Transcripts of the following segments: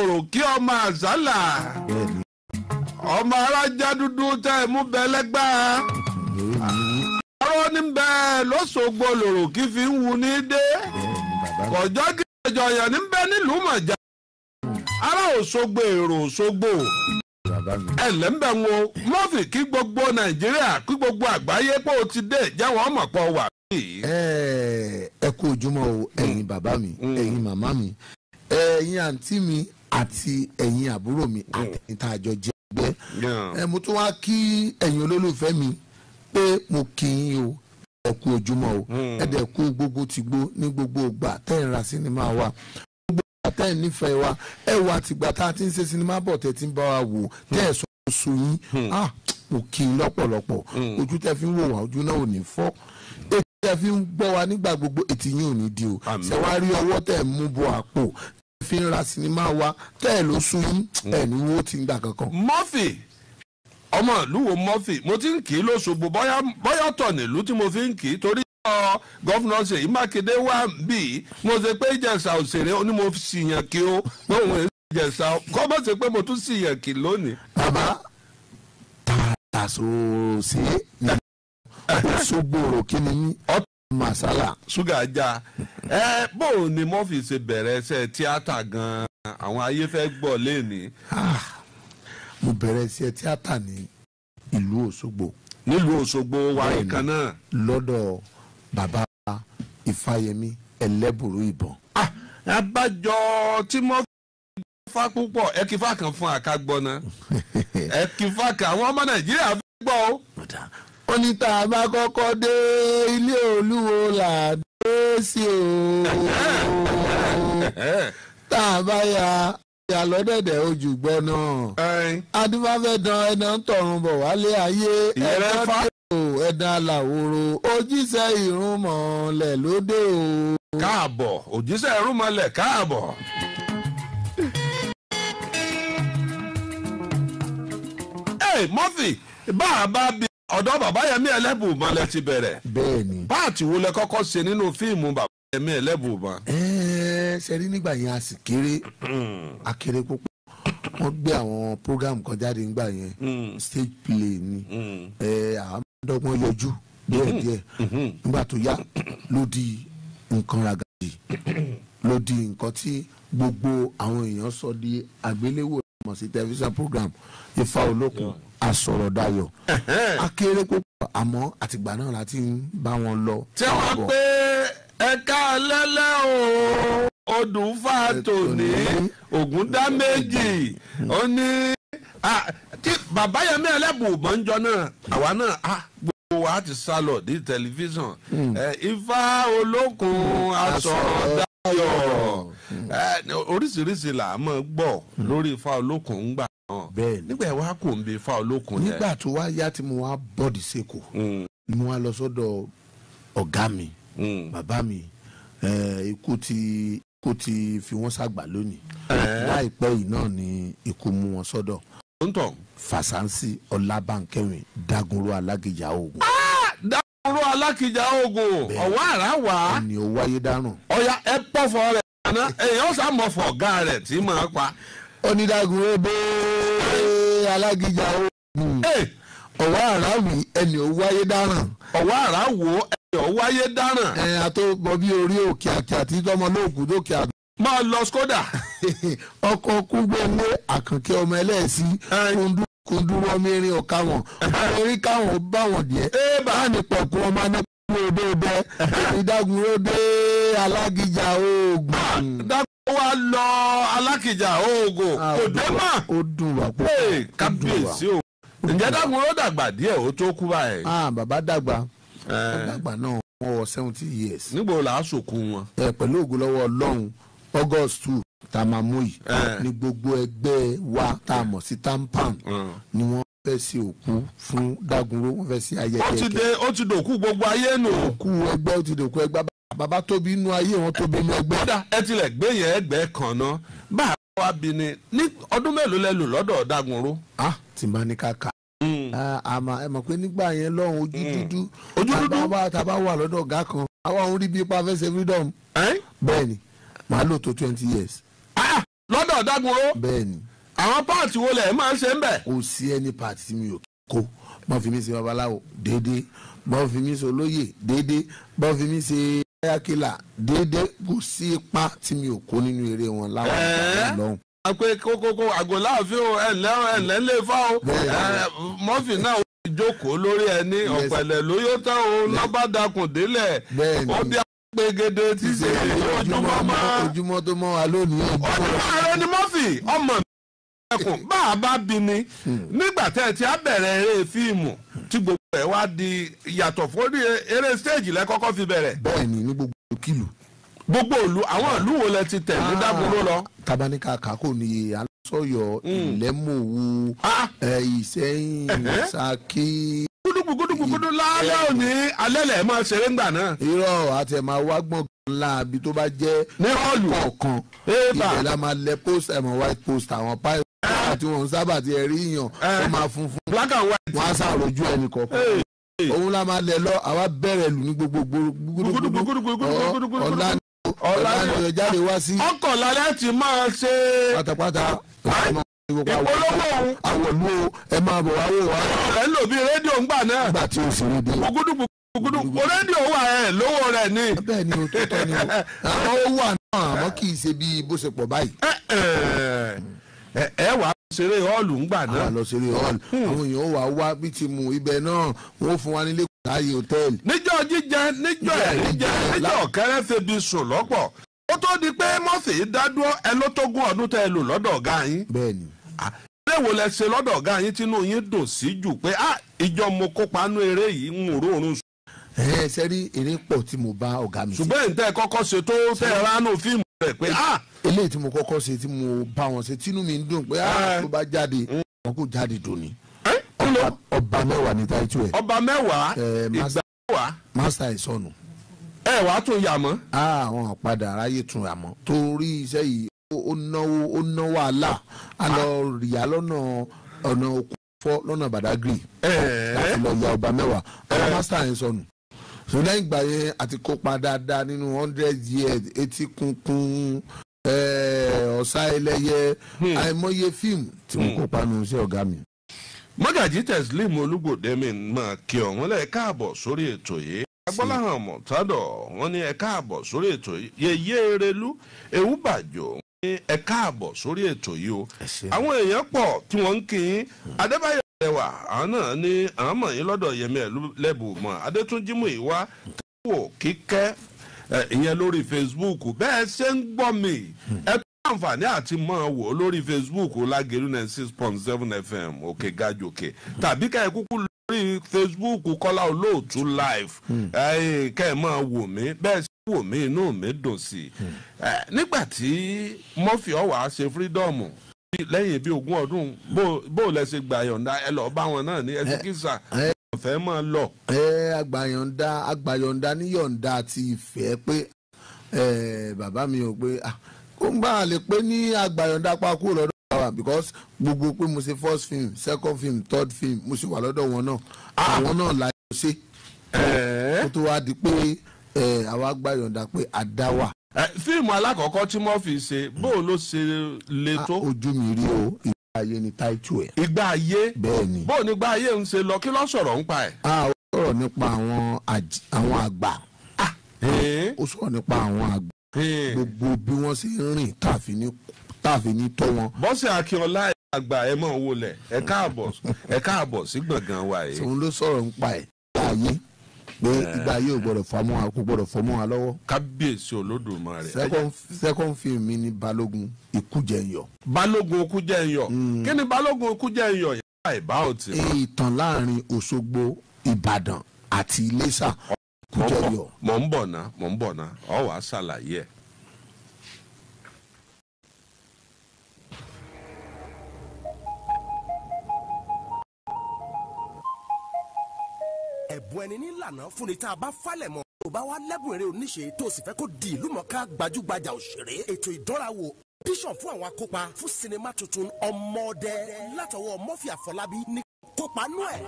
òrò kí ọmọ àzálà ọmọ arájá dúdú tẹ ẹ mú bẹ lẹgbà ọ̀rọ̀ níbẹ̀ lọsọgbọ lòrò kí fi ń wu ní dé kọjọ kí ọjọ yẹn níbẹ̀ nílùú mọjà ará Òṣogbo èrò Òṣogbo ẹlẹ́ ń bẹ̀ wo mọ́fì kí gbogbo Nàìjíríà kí gbogbo àgbáyé pé o ọmọ mi mm. ẹ̀yin màmá mi àti ẹ̀yin àbúrò mi mm. àti níta àjọ jẹ́ ẹgbẹ́ ẹ mo tún wá kí ẹ̀yin olólùfẹ́ mi pé mo kí yín o ẹ ojúmọ́ o mm. ẹ dẹ̀ kú gbogbo ní gbogbo ìgbà tẹ́ ń ra sinimá wa gbogbo ìgbà tẹ́ ń nífẹ̀ẹ́ wa ẹ wà tìgbà tá a ti ń ṣe sinimá bọ̀ tẹ́ ti ń bá wa wò mm. tẹ́ ẹ̀ sọ oṣù yín ah, mo kí yín lọ́pọ̀lọpọ̀ ojú tẹ́ fi ń wò wá ojú náà ò ní fọ́ etí tẹ́ fi ń gbọ́ wa nígbà gbogbo etí yín ò ní di o ṣe wá rí ọwọ́ tẹ́ mú bọ àpò fi ń ra sinimá wa tẹ́ ẹ̀ ló sún yín ní owó tí ń gbà kankan. Murphy ọmọ ìlú wo Murphy mo ti ń kì í lóṣogbo bóyá bóyá tọ̀ nílùú tí mo fi ń kì í torí ọ gọ́fúnà ṣèyí mákindé wà bí mo ṣe pé ìjẹ̀ṣà òṣèré ni mo sì yàn kí o pé òun èso kọ́ bó ṣe pé mo tún sì yàn kí lónìí. bàbá tààtà sòsè ní Òṣogbo rò kí ni masala. ṣúgà já ẹ bó o ní murphy ṣe bẹ̀rẹ̀ ṣe tíátà gan-an àwọn ayé fẹ́ gbọ́ léèní. Ah, mo bẹ̀rẹ̀ ṣe tíátà ní ìlú Òṣogbo. nílùú Òṣogbo wa nìkan náà. lọ́dọ̀ bàbá Ifáyẹmí ẹlẹ́bùrú ìbọn. Ah, abájọ tí mo fa púpọ̀ ẹ kí fákan fún àkágbọ́ná ẹ kí fákan àwọn ọmọ Nàìjíríà fẹ́ gbọ́ o ó ní tá a bá kọ́kọ́ dé ilé olúwo là á dé sí o tá a bá ya ìyàlọ́dẹ̀dẹ̀ ojúgbọ́ náà adúmáfẹ́dán ẹ̀dá ń tọ̀run bọ̀ wálé ayé ẹ̀dá tó ẹ̀dá làwòrò ojíṣẹ́ ìrúnmọ̀lẹ̀ lóde o. káàbọ̀ òjíṣẹ́ ìrúnmọ̀lẹ̀ káàbọ̀. Murphy bá a bá bi ọ̀dọ́ bàbá yẹmí ẹlẹ́bùbọn lẹ ti bẹ̀rẹ̀. bẹ́ẹ̀ni. páàtì wo lẹ kọ́kọ́ ṣe nínú fíìmù bàbá yẹmí ẹlẹ́bùbọn. ẹẹ sẹrí nígbà yẹn a sì kéré a kéré púpọ̀ wọ́n gbé àwọn program kan jáde nígbà yẹn hmm. stage play ni hmm. ẹ àádọ́gbọ́n yọjú díẹ̀díẹ̀ hmm. nígbà tó yá ló di nǹkan ragadi ló di nǹkan tí gbogbo àwọn èèyàn sọ di àgbéléwò mọ̀ sí tẹlifíṣàn program ifá olókun. Yeah àsọ̀rọ̀dayọ̀ akéré púpọ̀ àmọ́ àtìgbà náà la ti ń bá wọn lọ. tí wọ́n pé ẹ̀ka lẹ́lẹ́ o ọdún fa tòní ògùn dá méjì ó ní tí bàbá yẹn mi ẹlẹ́bùn ò mọ́njọ náà àwa náà gbogbo wa ti sá lọ ní tẹlifíṣàn hmm. ifá olókun àsọ̀rọ̀dayọ̀ oríṣiríṣi là á mọ̀ gbọ́ hmm. lórí ifá olókun ń gbà bẹ́ẹ̀ ni. nígbà wàá kò ń bẹ fa olókun yẹn. nígbà tó wá yá tí mo wá bọ́ọ̀dì seko hmm. ni mo wá lọ sọ́dọ̀ ọ̀gá mi hmm. bàbá mi ikú ti ikú ti fi wọ́n ṣàgbà lónìí láìpẹ́ yìí náà ni ikú mú wọn sọ́dọ̀ fàṣánsì ọlábànkẹrin dagunro alágìjà ogun. dagunro alágìjà ogun ọwọ́ ara wà. ẹni o wáyé dáràn. ọ̀ya ẹ pọ̀ fọ rẹ̀ àná èèyàn sàmọ̀fọ̀ ọ̀gá rẹ̀ tí màá pa. onídàgùn ebo alágídá o. ọ̀wá ara wì ẹni ò wáyé dáràn. ọ̀wá ara wù, ẹni ò wáyé dáràn. ẹ bí orí òkè àti àti tọmọ àgbà. lọ skoda. ọkọ ọmọ ọmọ ọ̀ka wọn ọmọ bá wọn ní pọ̀kú ọmọ ìdágun alágíjà oògùn. wá lọ alákìjà oògùn ah, kò dẹ́mà ó dùn wá pé kábíyèsí o ǹjẹ́ dàgbọ́n ó dàgbà díẹ̀ ó tó kú báyìí. Ah, bàbá dàgbà eh. dàgbà náà wọ́n wọ seventy years. nígbà wo làá sòkun wọn. ẹ pẹ̀lú ògùn lọ́wọ́ ọlọ́run august two tá ni máa mú eh. gbogbo ẹgbẹ́ wa tá a mọ̀ sí tampan hmm. ni wọ́n fẹ́ sí òkú fún Dàgúnrò wọ́n fẹ́ sí ayẹyẹ kẹ. ó ti dòkú gbogbo ayé nù. òkú ẹgbẹ́ ó ti dòkú ẹgbẹ́ bàbá tóbi inú ayé wọn tóbi inú ẹgbẹ́. kódà ẹ tilẹ̀ gbé yẹn ẹgbẹ́ kan náà bá a wá bi ni ní ọdún mélòó lẹ lọ́dọ̀ ọ̀dàgùnrú. a ah, ti máa ní ká kà hmm. ah, ẹ mọ̀ pé nígbà yẹn lọ́hùn ojú hmm. dúdú ojú dúdú àbá tàbá wà lọ́dọ̀ ọ̀gá kan àwa òun rí bí ipa fẹsẹ̀ freedom. bẹ́ẹ̀ ni màá lò tó twenty years. Ah, lọ́dọ̀ ọ̀dàgùnrú. bẹ́ẹ̀ ni. àwọn páàtì wo lẹ̀ máa ń ṣe ń bẹ̀. kò sí ẹni páàtì mi ò kó mọ́ fi mi ṣe babaláwo déédéé mọ́ fi mi ṣe olóyè déédéé mọ́ fi mi ṣe ayakila déédé kò sí ipa tí mi ò kó nínú eré wọn láwọn ìgbà lọ́hùn. a pe kókókó àgọ́ láàfin o ẹ̀lẹ́ ẹ̀lẹ́ lè fa o mọ́fì náà jókòó lórí ẹni ọ̀pẹ̀lẹ̀ ló yóò o lọ́bàdàkùn délẹ̀ ó bí gbẹgẹdẹ ti ṣe ojúmọ́ mọ́ ojúmọ́ tó mọ́ wa lónìí. ojúmọ́ rẹ ni mọ́fì ọmọ mi ẹkùn bá a bá bi ni hmm. nígbà tẹ́ ẹ ti á bẹ̀rẹ̀ eré fíìmù tí gbogbo rẹ̀ wá di yàtọ̀ fún eré stage lẹ́kọ́kọ́ fi bẹ̀rẹ̀. bẹ́ẹ̀ni ní gbogbo kìlù. gbogbo òlu àwọn ìlú wo lẹ ti tẹ̀ ní ah. dábúrò lọ. tabaníkà kàkó ni alásọyọ ìlẹmọwò hmm. ah. ìsẹyìn saki. gúdùgbù gúdùgbù gúdù lálẹ́ òní alẹ́ lẹ̀ máa ṣeré ńgbà náà. irọ́ àti ẹ̀ máa ńlá àbí tó bá jẹ́ ní ọ̀lù kọ̀ọ̀kan ìbẹ̀lẹ̀ máa lẹ post ẹ̀mọ̀ white post àwọn pipe. nígbà tí wọn sábà ti rí eh. máa funfun wọn á sàròjú ẹnì òun la máa lẹ lọ àwa lù ní gbogbogbò ṣeré họ́ọ̀lù ńgbà náà. àwọn lọ ṣeré họ́ọ̀lù hmm. àwọn èèyàn wà wá bí ti mú náà wọ́n fún wa nílé láàyè hòtẹ́ẹ̀lì. níjọ́ jíjẹ níjọ́ ẹ̀ríjẹ níjọ́ kẹrẹ́fẹ̀bi sùn lọpọ. ó tó di pé mọ́sì dádúró ẹ ló ọdún wo lẹ ṣe yín tínú yín dùn pé a ah, ìjọ mo kópa nú eré yìí ń rò sùn. ẹ mo bá ọ̀gá mi ṣùgbọ́n ìtẹ́ kọ́kọ́ ránú a. Ah, eléyìí tí mo kọ́kọ́ ṣe tí mo bá wọn ṣe tínú mi ń dùn pé tó ah, eh. bá jáde mm. wọn kò jáde dòní. Eh, ọba mẹ́wàá ní táìtù ẹ̀. ọba mẹ́wàá eh, ìgbà mẹ́wàá. master ìsọnù. ẹ wàá tún yà mọ́. Ah, àwọn padà aráyè tún yà mọ́ torí iṣẹ́ yìí ó náwó ó ná wàhálà a lọ ah. rìyà lọ́nà ọ̀nà òkú fọ́ lọ́nà Badagry. láti lọ ya ọba mẹ́wàá àwọn master ìsọnù so lẹ́yìn ìgbà yẹn àti kópa dáadáa nínú hundred years etí kunkun Eh, ọ̀sá ẹlẹ́yẹ hmm. àìmọye fíìmù tí wọ́n hmm. kópa nínú iṣẹ́ ọ̀gá mi. mọ́gàjí Teslim Olúgbòdémi máa kí ọ̀hún lẹ̀ káàbọ̀ sórí ètò yìí agbọ́láhàn mọ̀tádọ̀ wọ́n ní ẹ káàbọ̀ sórí ètò yeye erelu ewu bàjọ́ ní ẹ káàbọ̀ sórí ètò yìí o àwọn èèyàn pọ̀ tí wọ́n ń hmm. Adébáyọ̀ àwọn náà ìyẹn lórí facebook bẹ́ẹ̀ ṣe ń gbọ́ mi ẹ tó àǹfààní àti máa wò lórí facebook lágẹ̀rú nine six point seven fm òkè gàjòkè tàbí ká ẹ kúkú lórí facebook kọ́lá olóòtú live hmm. ká ẹ máa wò mí bẹ́ẹ̀ ṣe wò mí inú mi dùn sí i hmm. nígbà tí murphy ọ̀wà ṣe freedom lẹ́yìn bíi ogún ọdún bó o lẹ gbà yọ̀ǹda ẹ lọ́ọ́ bá wọn náà ní ẹ ti kí sà fẹ́ mọ̀ lọ. ẹ agbàyọ̀ǹda agbàyọ̀ǹda níyọ̀ǹda ti ìfẹ́ pé bàbá mi ò pé ah, kó n bá a lè pé ní agbàyọ̀ǹda pa lọ́dọ̀ wa because gbogbo pé mo ṣe first film second film third film mo ṣe wà lọ́dọ̀ wọn náà ah! àwọn náà la yọ ṣe kó tó wá di pé àwa agbàyọ̀ǹda pé àdá wà. fíìmù alákọ̀ọ́kọ́ tí mo fi ṣe bó ló ṣe le tó. Ah, ojú mi rí o ayé ni táìtù ẹ̀. ìgbà ayé bẹ́ẹ̀ bó o ní gba ayé ń ṣe lọ kí ló sọ̀rọ̀ ń pa ẹ̀. a sọ̀rọ̀ nípa àwọn àgbà ah, eh. ó sọ̀rọ̀ nípa àwọn àgbà eh. gbogbo bí wọ́n ṣe ń rìn táàfin ní tọ́ wọn. bọ́sẹ̀ akínọlá àgbà ẹ mọ̀ wọlé ẹ káàbọ̀ sí gbọ̀ngàn wa yìí. sòun ló sọ̀rọ̀ ń ẹ̀ láàyè pé eh. ìgbà yóò gbọ́dọ̀ fọmọ àkó gbọ́dọ̀ fọmọ wa lọ́wọ́. kábíyèsí olódùmarè. second second film mi ni balógun ikújẹyọ. balógun ikújẹyọ hmm. kí ni balógun ikújẹyọ yẹn bá ìbá ò tí. ìtàn láàrin òṣogbo ìbàdàn àti iléṣà ikújẹyọ. mọ̀ ń bọ̀ ná mọ̀ ń bọ̀ ná ọ̀ wá ṣàlàyé ẹ̀. ẹ̀bùn ẹni nílànà fúnni tá a bá falẹ̀ mọ́ tó bá wá lẹ́bùn eré oníṣe tó sì fẹ́ kó di ìlúmọ̀ọ́ká gbajúgbajà òṣèré ètò ìdánrawò audition fún àwọn akópa fún sinimá tuntun ọmọdé látọwọ́ Murphy Àfọlábí ní kópa nú ẹ̀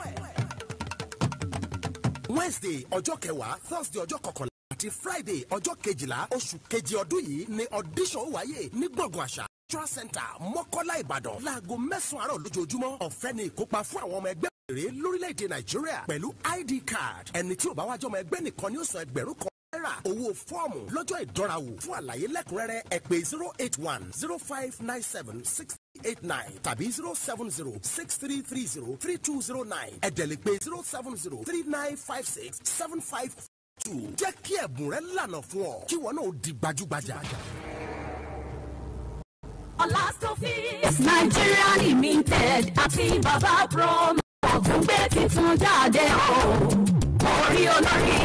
Wednesday ọjọ́ kẹwàá Thursday ọjọ́ kọkànlá àti Friday ọjọ́ kejìlá oṣù kejì ọdún yìí ni audition wáyé ní gbọ̀ngàn àṣà Cultural Center Mọ́kọ́lá Ìbàdàn láago mẹ́sàn-án àárọ̀ lójoojúmọ́ ọ̀fẹ́ ni ìkópa fún àwọn ọmọ ẹgbẹ́ rèé lórílẹ̀‐èdè nàìjíríà pẹ̀lú id card ẹni tí ò bá wájọ́ ọmọ ẹgbẹ́ nìkan ni ó san ẹgbẹ̀rún kan náírà owó fọ́ọ̀mù lọ́jọ́ ìdánrawò fún àlàyé lẹ́kùnrẹ́rẹ́ ẹ zero eight one zero five nine seven six eight nine tàbí zero seven zero six three three zero three two zero nine ẹ̀dẹ̀lẹ̀ pé zero seven zero three nine five six seven five two jẹ́ kí ẹ̀bùn rẹ lànà fún ọ kí wọn náà di gbajúgbajà. Ọlá Stofis Nigeria Limited àti Baba Prom titun jáde o orí olórí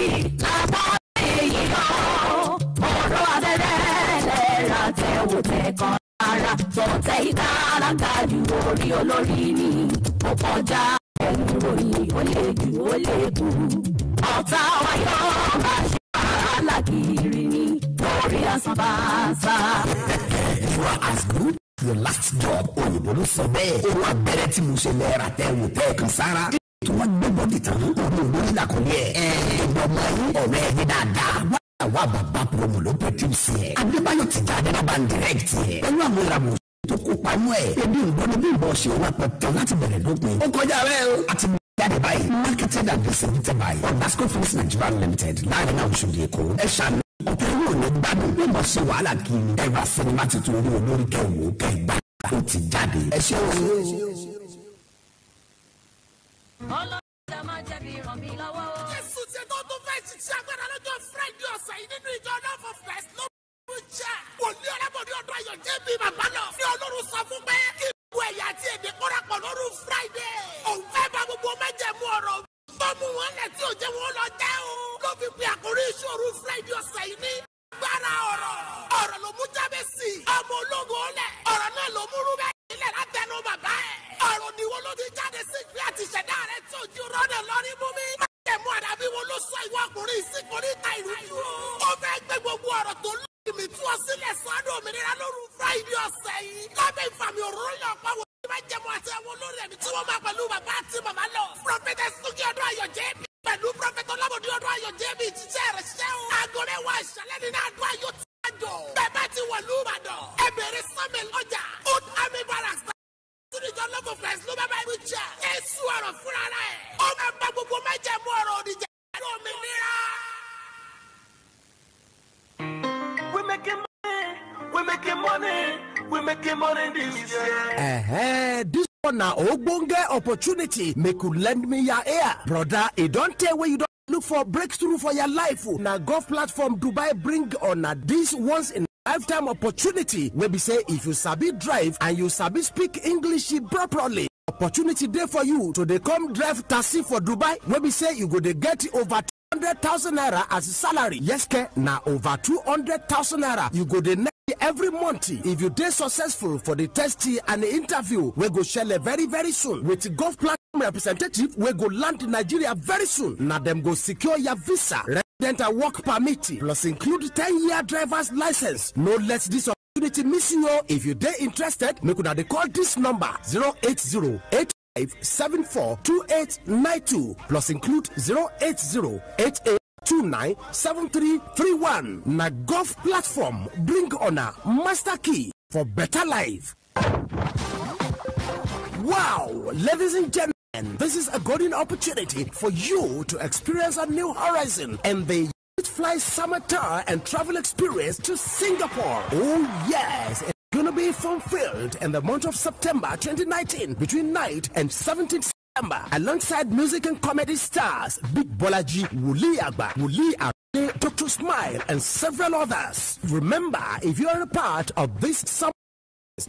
làbá èyí lọ ọ̀rọ̀ abẹ́rẹ́ lẹ́ra tẹ̀wò tẹ̀kan ara tọ̀tẹ̀ ìka alágbàdì orí olórí ni ó kọjá ẹnu ròyìn ó lè jù ó lè kú ọ̀tá wáyọ̀ bá ṣe wàhálà ni orí àsán you are as good your last job òyìnbó ló sọ bẹ́ẹ̀ ó wà bẹ̀rẹ̀ tí mo ṣe lẹ́ẹ̀rà tẹ̀ wò tẹ̀ kan sára tí wọ́n gbé bọ́dì tán ọmọ ìlú ìlà kò yẹ ẹ ẹgbẹ́ ọmọ yìí ọ̀rẹ́ ẹni dáadáa wá àwa bàbá promo ló produce ẹ adébáyọ̀ Tijani bá ń direct ẹ pẹ̀lú àwọn ìràwọ̀ tó kópa mú ẹ ebi ń gbọ́dọ̀ bí ìbọn ṣe wà pẹ̀tọ́ láti bẹ̀rẹ̀ lópin ó kọjá rẹ o àti jáde báyìí marketed and distributed by Basco Films Nigeria Limited láàrin àwọn oṣù yìí kò ẹ ṣàmì ọ̀pọ̀ owó ní gbádùn bí mo ṣe wàhálà kiri ẹ ra ẹ ọlọ́dà máa jẹ̀bi ràn mí lọ́wọ́. jésù ti tó tún fẹ́ ṣiṣẹ́ agbára lọ́jọ́ friday ọ̀sẹ̀ yìí nínú ìjọ náà for first ló ń jẹ́. kò ní ọlọ́mọdé ọdún ayọ̀ jẹ́ bí bàbá lọ. ní ọlọ́run sọ fún pé kí gbogbo ẹ̀yà àti èdè kóra pọ̀ lóru friday. òun fẹ́ bá gbogbo májẹ̀mú ọ̀rọ̀ tó wọn lẹ̀ tí ò wọn lọ jẹ́ o. ló fi pe àkórí ìṣòro friday ọ̀sẹ̀ yìí ní. gbára ọ̀rọ̀ ọ̀rọ̀ ló mú jábẹ́sì. ọmọ ológun ọ̀lẹ̀ opportunity make could lend me your ear brother. e don't tey where you don't look for breakthrough for your life o na golf platform dubai bring una this once in lifetime opportunity Maybe say if you sabi drive and you sabi speak english properly opportunity there for you to dey come drive taxi for dubai Maybe say you go dey get over two hundred thousand naira as salary yes ke na over two hundred thousand naira you go dey every month if you dey successful for the test and interview we go share very very soon with gulf platinum representative We go land in nigeria very soon Now them go secure your visa resident and work permit plus include ten year drivers license no let this opportunity miss you o oh. if you dey interested make sure they call this number eight five seven four two nine two. plus include zero zero eight eight eight. 29 7331 na golf platform bring honor master key for better life wow ladies and gentlemen and this is a golden opportunity for you to experience a new horizon and the Fly Summer Tour and Travel Experience to Singapore. Oh, yes. It's going to be fulfilled in the month of September 2019 between 9th and 17th September alongside music and comedy stars Big Bolaji, Wuli Agba, Wuli Agba. Dr. Smile and several others. Remember, if you are a part of this summer,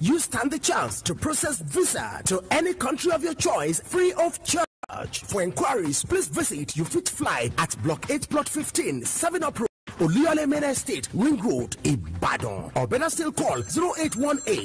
you stand the chance to process visa to any country of your choice free of charge. For inquiries, please visit UFIT Fly at Block 8, Plot 15, 7 Up Road, Oluyole Main Estate, Ring Road, Ibadan. Or better still call 0818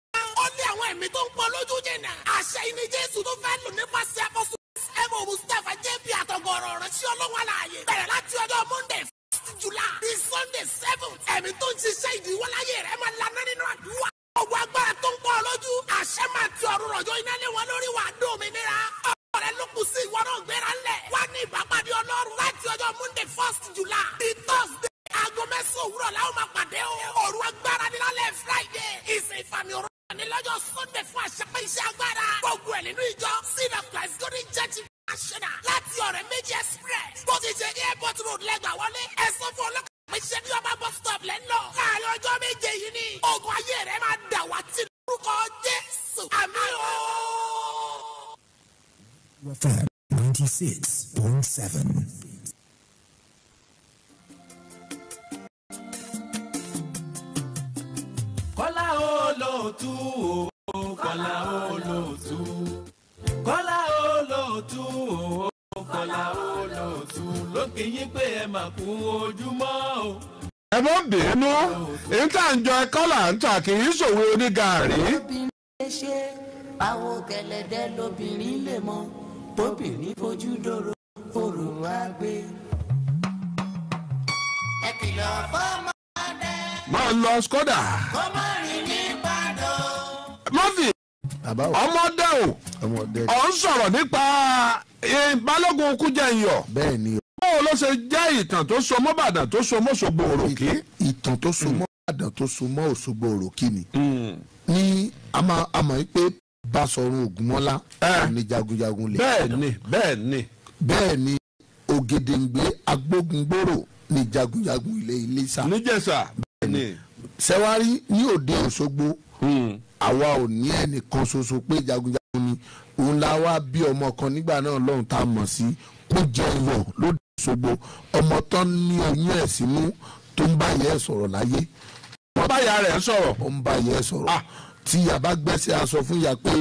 ó lé àwọn ẹ̀mí tó ń pọ̀ lójú jìnnà. àṣẹ ìní jésù tó fẹ́ lò nípasẹ̀ apọ́sù ẹ̀mọ mustapha jp àtọ̀gọ̀rọ̀ ránṣẹ́ ọlọ́wọ́ àlàyé bẹ̀rẹ̀ láti ọjọ́ monday first july di sunday seven ẹ̀mí tó ń ṣiṣẹ́ ìdíwọ́láyé rẹ̀ máa lana nínú àdúrà ọwọ́ agbára tó ń pọ̀ lójú àṣẹ máa ti ọ̀run rọ̀jò iná wọn lórí wàá dòmìnira ọ̀rẹ́ ló sunday fún iṣẹ́ agbára gbogbo ẹ̀ nínú ìjọ of christ golden church international láti ọ̀rẹ́ méjì express bó ti ní airport road lẹ́gbàá wọlé fún ṣe ní ọba bus stop láàrin ọjọ́ méje yìí ni ayé rẹ̀ máa dà wá tí lórúkọ jésù àmì o. ninety six point seven. kọ́lá olóòtú o kọ́lá olóòtú kọ́lá olóòtú o kọ́lá olóòtú ló kì í pé ẹ mà kú ojúmọ́ o. ẹ mọ bínú níta ń jọ kọ́là ń tà kì í ṣòwò onígàárí. báwo gẹ̀lẹ́dẹ́ lobìnrin lè mọ bóbìnrin fojú dòrò òrùn wá gbé. ẹ kìlọ̀ fọ́mọdé máa lọ skoda. kọ́mọ rìn ní ìbàdàn. mọ́fì ọmọdé o ọ̀ ń sọ̀rọ̀ nípa balógun kújẹ̀yọ̀. bẹ́ẹ̀ ni o. báwo ló ṣe jẹ́ ìtàn tó so mọ́ Ìbàdàn tó so mọ́ Òṣogbo òròkì. ìtàn tó so mọ́ Ìbàdàn tó so mọ́ Òṣogbo òròkì ni. Hmm. ní a mọ̀ pé Basọ̀run Ògúnmọ́lá eh. ni jagunjagun lè. bẹ́ẹ̀ ni bẹ́ẹ̀ ni. bẹ́ẹ̀ ni Ògèdèǹgbé Agbógungbòrò ni jagunjagun ilé Iléṣà. níjẹ̀ṣà sẹwárí ní òde Òṣogbo hmm. àwa ò ní ẹnìkan ṣoṣo pé jagunjagun ni òun la wá bí ọmọ kan nígbà náà lọ́hùn tá a mọ̀ sí kó jẹ ìwọ̀ lóde Òṣogbo ọmọ tán ní oyún ẹ̀ sínú tó ń bá yẹ sọ̀rọ̀ láyé. wọ́n bá ìyá rẹ̀ sọ̀rọ̀. ó ń bá yẹ sọ̀rọ̀ ah. tí ìyá bá gbẹ́sẹ̀ aṣọ fún ìyá pé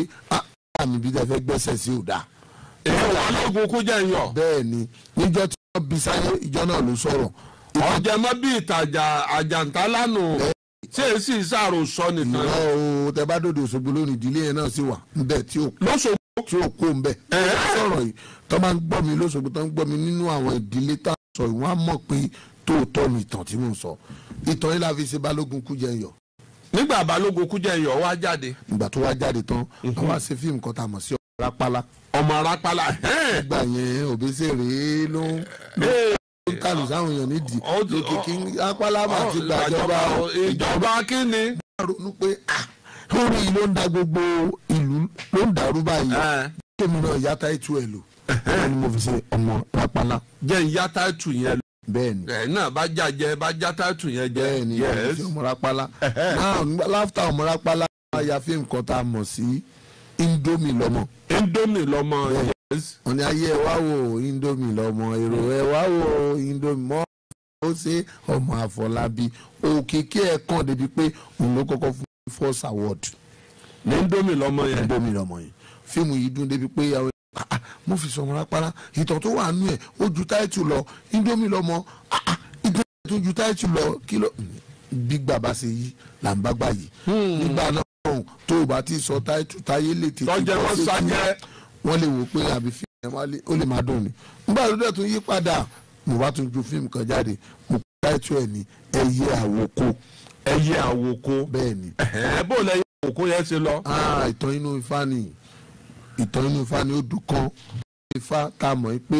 àmì ah, bí tẹ fẹ́ gbẹ́sẹ̀ sí ò dáa. èyí wà lóògùn kó jẹ́ ìyọ̀. bẹ́ẹ̀ ni níjọ́ tí wọ́n bí sáyé ìjọ náà ló sọ̀rọ̀ ọ̀jẹ̀mọ́ bíi ìtajà àjàǹtá lánàá ṣé èyí sì sàrò sọ nìkan. ìyá o tẹ bá dòdò Òṣogbo lónìí ìdílé yẹn náà sì wà nbẹ tí o lọ́sọ̀gbọ́ tí o kó nbẹ. ẹ sọ̀rọ̀ yìí tó máa ń gbọ́ mi lọ́sọ̀gbọ tó ń gbọ́ mi nínú àwọn ìdílé tá a sọ ìwọ́n á mọ̀ pé tóòtọ́ mi ìtàn tí mò ń sọ ìtàn yìí la fi ṣe Balógun Kújẹyọ. nígbà Balógun Kújẹyọ wá jáde. ìgbà tó wá jáde tán àwa mhm. ṣe fíìmù kan tá a mọ̀ sí ọmọ Rápálá. ọmọ Rápálá. ìgbà yẹn Òbésèré ló ń ń kàlù sáwọn èèyàn nídìí lókè kí apálámà ti gbàjọba ìjọba kí ni. wọ́n ronú pé orí ló ń da gbogbo ìlú ló ń dàrú báyìí kémi náà ya táìtù ẹ̀ lò ni mo fi ṣe ọmọ lápálá. jẹ́ ìyá táìtù yẹn lò. bẹ́ẹ̀ni ẹ náà bá já jẹ bá já táìtù yẹn jẹ. bẹ́ẹ̀ni ọmọ lápálá náà láfta ọmọ lápálá yà fi nǹkan tá a mọ̀ sí indomie lọmọ. indomie lọmọ yes. wọ́n ní ayé ẹ wá wo indomie lọmọ èrò ẹ wá wo indomie mọ́ ó ṣe ọmọ àfọlábí òkèké ẹ kàn débi pé òun ló kọ́kọ́ fún first award. ní indomie lọmọ yẹn. indomie lọmọ yẹn fíìmù yìí dún débi pé àwọn ah, ah, mo fi sọmọ rápárá ìtàn tó wà nù ẹ ó ju táìtù lọ indomie lọmọ ìtàn ah, tó ju táìtù lọ kí ló bí bàbá ṣe yí là yìí hmm. nígbà náà ọ̀hún tó o bá ti sọ táyé lè tètè bọ́ sí i wọ́n lè wò pé àbí fíìmù ó lè máa dùn ni nígbà tó dẹ̀ tún yí padà mo bá tún ju fíìmù kan jáde mo kọ́ táìtù ẹ̀ ní ẹyẹ àwòkọ. ẹyẹ àwòkọ bẹ́ẹ̀ ni. bó o lẹ yẹ yẹn ṣe lọ. Ah, ìtàn inú ifá ni ìtàn inú ifá ni ó dùn kan ifá tá a mọ̀ pé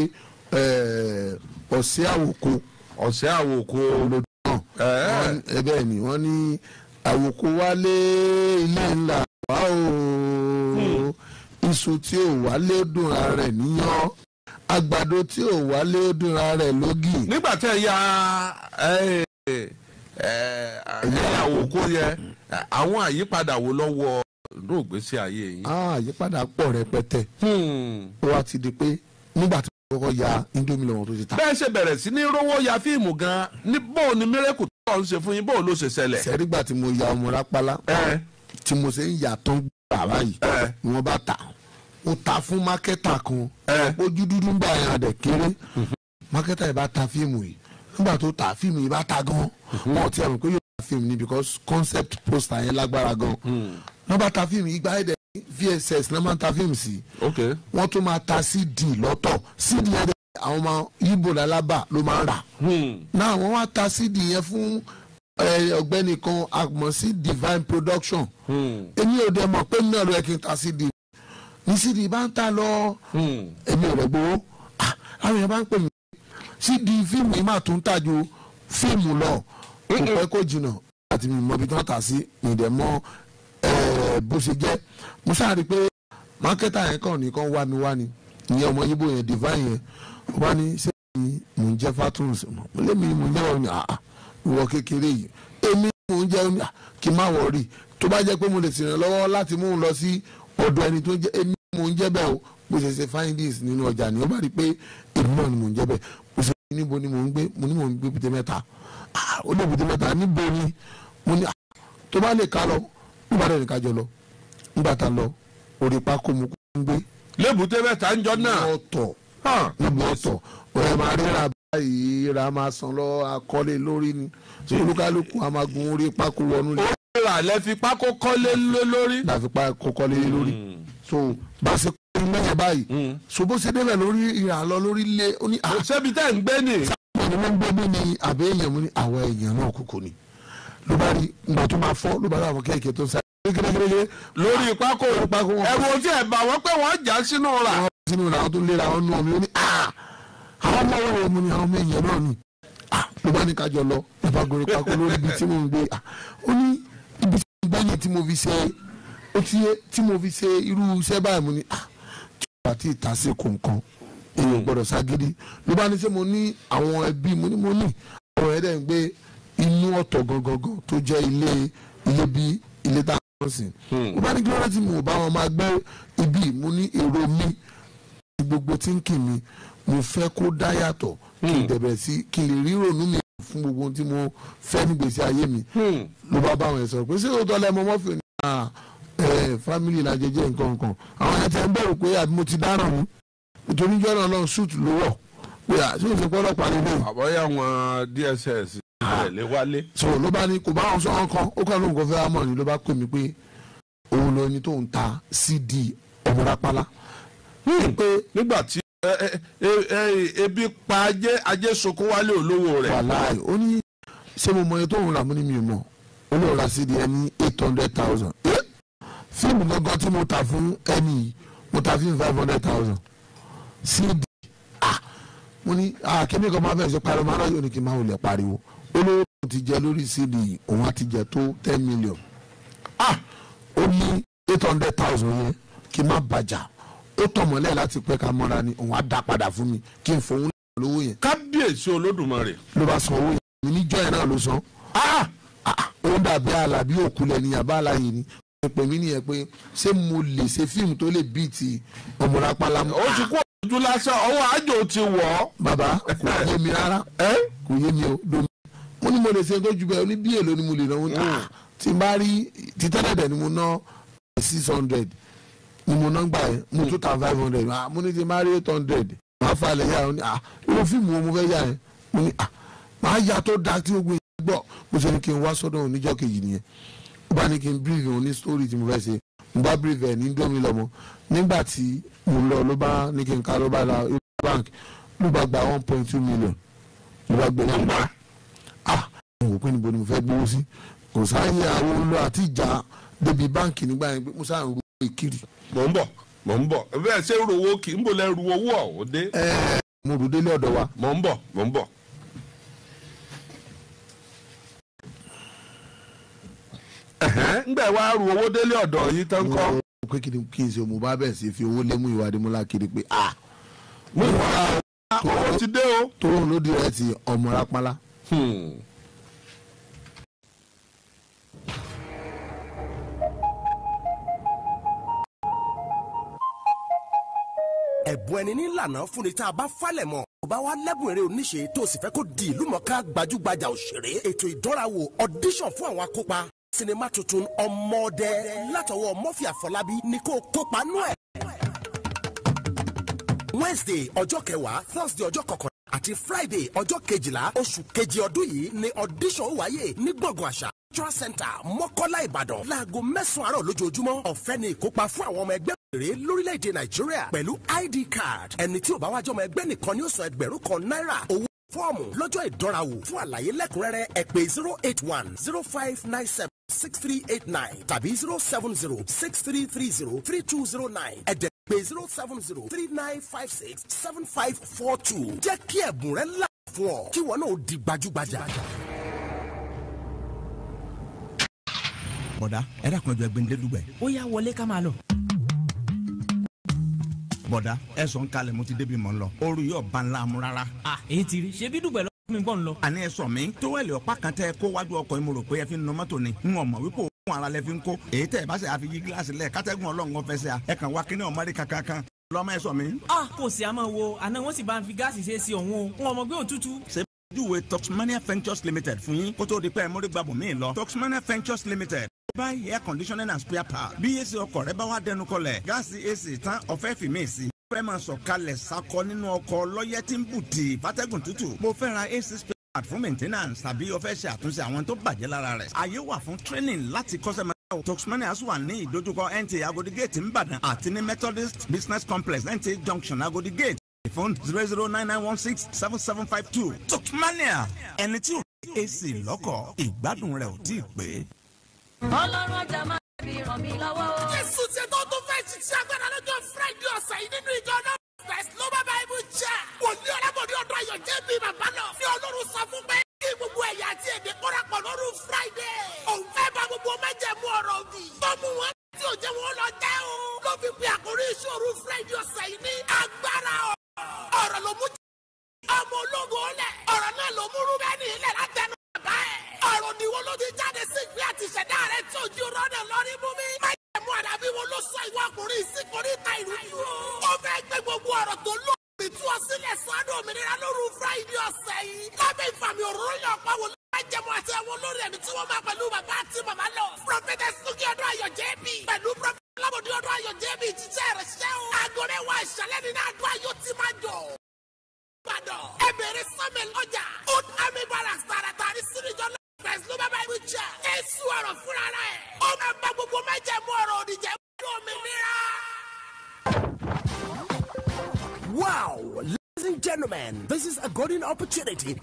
ọ̀sẹ̀ àwòkọ. ọ̀sẹ̀ àwòkọ. olódùn náà bẹ́ẹ̀ ni wọ́n ní àwòkù wálé ilé ńlá wá o hmm. iṣu tí ò wálé ó dùnra rẹ̀ níyàn àgbàdo tí ò wálé ó dùnra rẹ̀ lógì. nígbà tí ẹ ya àwòkù yẹ àwọn àyípadà wo lọ́wọ́ lóògbésí ayé yìí. àyípadà pọ̀ rẹpẹtẹ hmm. ó wá ti di pé nígbà tí kọ́kọ́ ya indomie lọ́wọ́ tó ti ta. bẹ́ẹ̀ ṣe bẹ̀rẹ̀ sí ní rówó ya fíìmù gan-an ní bọ́ọ̀ ni mẹ́rẹ́kù ń ṣe fún yín bóun ló ṣe ṣẹlẹ̀. sẹ́rígbà tí mo ya ọmọ rápálá tí mo ṣe ń yà tán bàbá yìí ni wọ́n bá tà ó ta fún mákẹ́tà kan ojú dúdú ń bá ẹran dẹ̀ kéré mákẹ́tà yìí bá ta fíìmù yìí nígbà tó ta fíìmù yìí bá ta gan wọn ò tí pé yóò ta fíìmù ni because concept poster yẹn lágbára gan hmm. wọn bá ta fíìmù yìí gbá ẹ̀dẹ̀ vss náà máa ń ta fíìmù sí wọ́n tún máa ta cd lọ́tọ̀ cd ẹ̀dẹ̀ àwọn ọmọ ibo lálábà ló máa ń rà hmm. náà wọ́n wá ta sídìí yẹn fún eh, ọ̀gbẹ́ni kan àmọ́ sí divine production hmm. èmi ò dẹ̀ mọ̀ pé náà ló yẹ kí n ta sídìí ní sídìí bá ń ta lọ hmm. èmi ò rẹ̀ gbowó ah, àwọn èèyàn bá ń pè mí sídìí fíìmù yìí máa tún tà ju fíìmù lọ kò pẹ́ kó jìnnà láti mi mọ ibi tí wọ́n tà sí mi dẹ̀ mọ eh, bó ṣe jẹ́ mo ṣáà rí i pé mákẹ́tà yẹn kàn nìkan wá mi wá ni ìyẹn ọmọ yíbo yẹn divine yẹn wá ní sẹ́yìn mò ń jẹ́ fatums mo lé mi mò ń jẹ́ wọ́n ní àá wọ kékeré yìí èmi mò ń jẹ́ kí n má wọ̀ rí tó bá jẹ́ pé mo lè ṣèrànlọ́wọ́ láti mú un lọ sí ọ̀dọ̀ ẹni tó ń jẹ́ èmi mò ń jẹ́ bẹ́ẹ̀ o mo ṣe ṣe findings nínú ọjà ni ó bá rí i pé èmi náà ni mò ń jẹ́ bẹ́ẹ̀ mo ṣe níbo ni mò ń gbé mo ní mò ń gbé bùtẹ́ ah, ó lè bùtẹ́ mẹ́ta níbo ni mo ní ah, tó bá lè ká lọ nígbà tó lè ká jọ lọ nígbà tá lọ orí pákó mo kó ń gbé. lébùtẹ́ ń jọ náà níbi ọ̀tọ̀ ọ̀rẹ́ máa ríra báyìí ra máa san lọ akọ́lé lórí ni tí olúkálùkù a máa gun orí pákó wọnú lé. ó rà lẹ fi pákó kọ́lé lórí. la fi pákó kọ́lé lórí. Hmm. so bá a ṣe kọ́lé mẹ́yẹ̀ báyìí. ṣùgbọ́n hmm. ṣe débẹ̀ lórí ìrà lọ lórí ilé ó ní. Ah. kò sẹ́bi tá à ń gbé ni. sábà ni wọ́n ń gbé bí ni àbẹ́ èèyàn mú ni àwa èèyàn náà kúkú ni. ló bá rí ìgbà lórí pákó ẹ̀wọ̀n tí ẹ̀ bá wọ́n pé wọ́n jà sínú ra. wọ́n sínú ra wọ́n tún lé ra wọn nù àwọn ọmọ wọn mu ni àwọn ọmọ èèyàn náà nù ló ah, bá ní kájọ lọ bàbá gorí pákó lórí ibi tí mò ń gbé ah, ó ní ibi tí mo gbẹ́yìn tí mo fi ṣe tí mo fi ṣe irú iṣẹ́ báyìí mo ní ah, tí mo bá ti ta sí kọ̀ọ̀kan èèyàn gbọ́dọ̀ ságídí ló bá ní ṣe mo ní àwọn ẹbí mo ní mo ní àwọn ẹ̀dẹ̀ ń gbé inú ọ̀tọ̀ gangan tó jẹ́ ilé ilé bíi ilé tá johnson mo bá ní kí ló rántí wọn máa gbé ibi mo ní èrò mi gbogbo tí ń kì mí mo fẹ́ kó dá yàtọ̀ kí n dẹ̀bẹ̀ sí kí n lè rí ìrònú mi fún gbogbo tí mo fẹ́ ní gbèsè ayé mi ló bá bá wọn sọ̀rọ̀ pé ṣé o tọ́lẹ̀ mọ́ mọ́fì ní fámìlì la jẹjẹ nǹkan kan àwọn ẹ̀ tẹ̀ ń bẹ̀rù pé àbí mo ti dára mu nítorí jọ́nà náà suit ló wọ̀ pé àti òṣèpọ̀ ọlọ́pàá nílé. àbọ̀yá wọn DSS tẹ̀lé wálé. so ló bá ní kò bá wọn sọ wọn kan ó kàn lóun kò fẹ́ amọ̀ ni ló bá pè mí pé òun lọ ẹni tó ń ta cd ọmọdapala. nígbà tí ebi pa ajé ajé sokó wálé olówó rẹ̀. wàláì ó ní ṣé mo mọ iye tó ń rà mú ní mi mọ̀ ó lọ ra cd ẹni eight hundred thousand. fíìmù gangan tí mo ta fún ẹni mo ta fíìmù five hundred thousand cd ah, mo ní akẹ́mi ah, kan máa fẹ́ ṣe pariwo máa ráyò ní kí n máa wọlé pariwo olówó tó ti jẹ lórí cd òun á jẹ tó ten million ah ó ní eight hundred thousand yẹn kí n má bàjá ó tọmọlẹ láti pẹ ká mọra ni òun á dá padà fún mi kí n fòun lówó yẹn. kábíyèsí olódùmarè. ló bá san owó yẹn níjọ yẹn náà ló san ah! Ah, ah, ó dàbí alábí òkulẹ̀ ní abala yìí ni pè mí nìyẹn pé ṣé mo lè ṣe fíìmù tó lè bíi ti ọmọlápàlà. ó ti kú ojú lásán ọwọ́ àjò ti wọ̀ ọ́. bàbá kò yé mi rárá kò yé mi o mo ní mo lè ṣe tó ju bẹ́ẹ̀ ní bí èlò ni mo lè náwó tà mm. ah, tí n bá rí títẹ́lẹ̀dẹ̀ ni mo ná six hundred ni mo ná gbà yẹn mo tún mm. ta five hundred ah, mo ní tí n rí eight hundred máa falẹ̀ yà ó ní à ah, irú fíìmù wo mo fẹ́ yà yẹn mo ní à máa yà tó da tí ogun yẹn gbọ́ mo ṣe ni kí n wá sọ́dọ̀ oníjọ́ kejì nìyẹn ó bá ní kí n brief òun ní story tí mo fẹ́ ṣe mo bá brief ẹ̀ ní domi lọ́mọ nígbà tí mo lọ ló bá ní kí n ká ló bá la bank ló bá gba one point two million ló bá gbé náà. wò pé níbo ni mo fẹ́ gbowó sí kò sáyé àwọn olú àti ìjà débi báǹkì nígbà yẹn pé mo sá ń ro ìkiri. mò ń bọ̀ mò ń bọ̀ bẹ́ẹ̀ ṣé kì í ń bò lẹ́ ru owó dé. mo rò délé ọ̀dọ̀ wa. mò ń bọ̀ mò ń bọ̀. ru owó délé ọ̀dọ̀ yìí tán kọ́. mo pé kí ni ṣe mo bá sí fi owó lé mú ìwà kiri pé a. mo wà á owó ti dé o. rẹ ti ẹ̀bùn ẹni nílànà fúnni tá a bá falẹ̀ mọ́ tó bá wá lẹ́bùn eré oníṣe tó sì fẹ́ kó di ìlúmọ̀ọ́ká gbajúgbajà òṣèré ètò ìdánrawò audition fún àwọn akópa sinimá tuntun ọmọdé látọwọ́ mọ́fì àfọlábí ni kó kópa nú ẹ̀. wednesday ọjọ́ kẹwàá thursday ọjọ́ kọkànlá àti friday ọjọ́ kejìlá oṣù kejì ọdún yìí ni audition wáyé ní gbọ̀ngàn àṣà cultural center mọ́kọ́lá ìbàdàn láago mẹ́sàn-án àárọ̀ lójoojúmọ́ ọ̀fẹ́ ni ìkópa fún àwọn ọmọ ẹgbẹ́ rèé lórílẹ̀‐èdè nàìjíríà pẹ̀lú id card ẹni tí ò bá wájọ́ ọmọ ẹgbẹ́ nìkan ni ó san ẹgbẹ̀rún kan náírà owó fọ́ọ̀mù lọ́jọ́ ìdánrawò fún àlàyé lẹ́kùnrẹ́rẹ́ ẹ zero eight one zero five nine seven six three eight nine tàbí zero seven zero six three three zero three two zero nine ẹ̀dẹ̀ pé zero seven zero three nine five six seven five four two jẹ́ kí ẹ̀bùn rẹ̀ ńlá fún ọ kí wọn náà di gbajúgbajà. bọ̀dá ẹ̀rọ àkànjọ ẹgbẹ́ ń délùgbẹ́. ó yá wọlé ká máa lọ bọ̀dá ẹ sọ ń kalẹ̀ mo ti débi mọ̀ ń lọ oru yóò ban láàmú rárá. à ah, èyí ti rí ṣebí dùgbẹ́ lọ mi gbọ́n lọ. àní ẹ sọ mi tówẹ́lì ọ̀pá kan tẹ kó wájú ọkọ̀ yìí mo rò pé ẹ fi ń nà mọ́tò ni n ò mọ̀ wípé òun ara lẹ fi ń kó èyí tẹ̀ bá ṣe àfi yí gíláàsì lẹ̀ kátẹ́gùn ọlọ́run fẹsẹ̀ ẹ kàn wá kíní ọ̀mọ́rí kankan kan lọ́mọ ẹ sọ mi. a ah, kò sí àmọ́ wo àná wọ́n sì bá ń fi gáàsì ṣe é sí òun o n ò mọ̀ pé òtútù. ṣe júwe Toxmania Ventures Limited fún yín kó tó di pé ẹ mórí gbàgbọ́ mi lọ Toxmania Ventures Limited buy air conditioning and spare part bí ac ọkọ̀ rẹ bá wá dẹnu kọlẹ̀ gáàsì ac tán ọ̀fẹ́ fi mí sí fẹ́ máa sọ̀kalẹ̀ sakọ nínú ọkọ̀ lọ́yẹ́ tí ń bùtì fàtẹ́gùn tútù mo fẹ́ ac spare part fún maintenance tàbí o fẹ́ ṣe àtúnṣe àwọn tó bàjẹ́ lára rẹ̀ àyè wà fún training láti kọ́sẹ́ máa. toxmania wà ní ìdojúkọ nt agodi gate nìbàdàn àti ní methodist business complex nt junction agodi gate phone zero zero nine nine one six seven seven five two toxmania ẹni tí o ac lọ́kọ̀ ìgbádùn rẹ̀ ò tí ì pé ọlọ́run ọjà máa fi ràn mí lọ́wọ́. jésù ti tó tún fẹ́ ṣiṣẹ́ agbára lọ́jọ́ friday ọ̀sẹ̀ yìí nínú ìjọ náà first global bible church. wòlíì ọ̀làbọ̀dé ọ̀dọ́ ayọ̀ jẹ́ bí bàbá lọ. ní ọlọ́run sọ fún bẹ́ẹ̀ kí gbogbo ẹ̀yà àti èdè kórapọ̀ lọ́rùn friday. òun fẹ́ bá gbogbo májẹ̀mú ọ̀rọ̀ òdì. tọ́mù wọn tí ò jẹ́ wọn lọ jẹ́ o. ló fi pe àkórí ìṣòro friday ọ̀sẹ̀ yìí ní agbára ọ̀. ọ̀rọ̀ ló mú ọmọ ológun ó lẹ̀. ọ̀rọ̀ náà ló mú rúbẹ́nì látẹnu bàbá ẹ̀. ọ̀run ni wọ́n ló ti jáde sí ìgbé àtìṣẹ̀dá rẹ̀ tí òjò rọ́nà lọ́rí mú mi. májèmú àdàbí wo ló sọ ìwà ọkùnrin ìsìnkú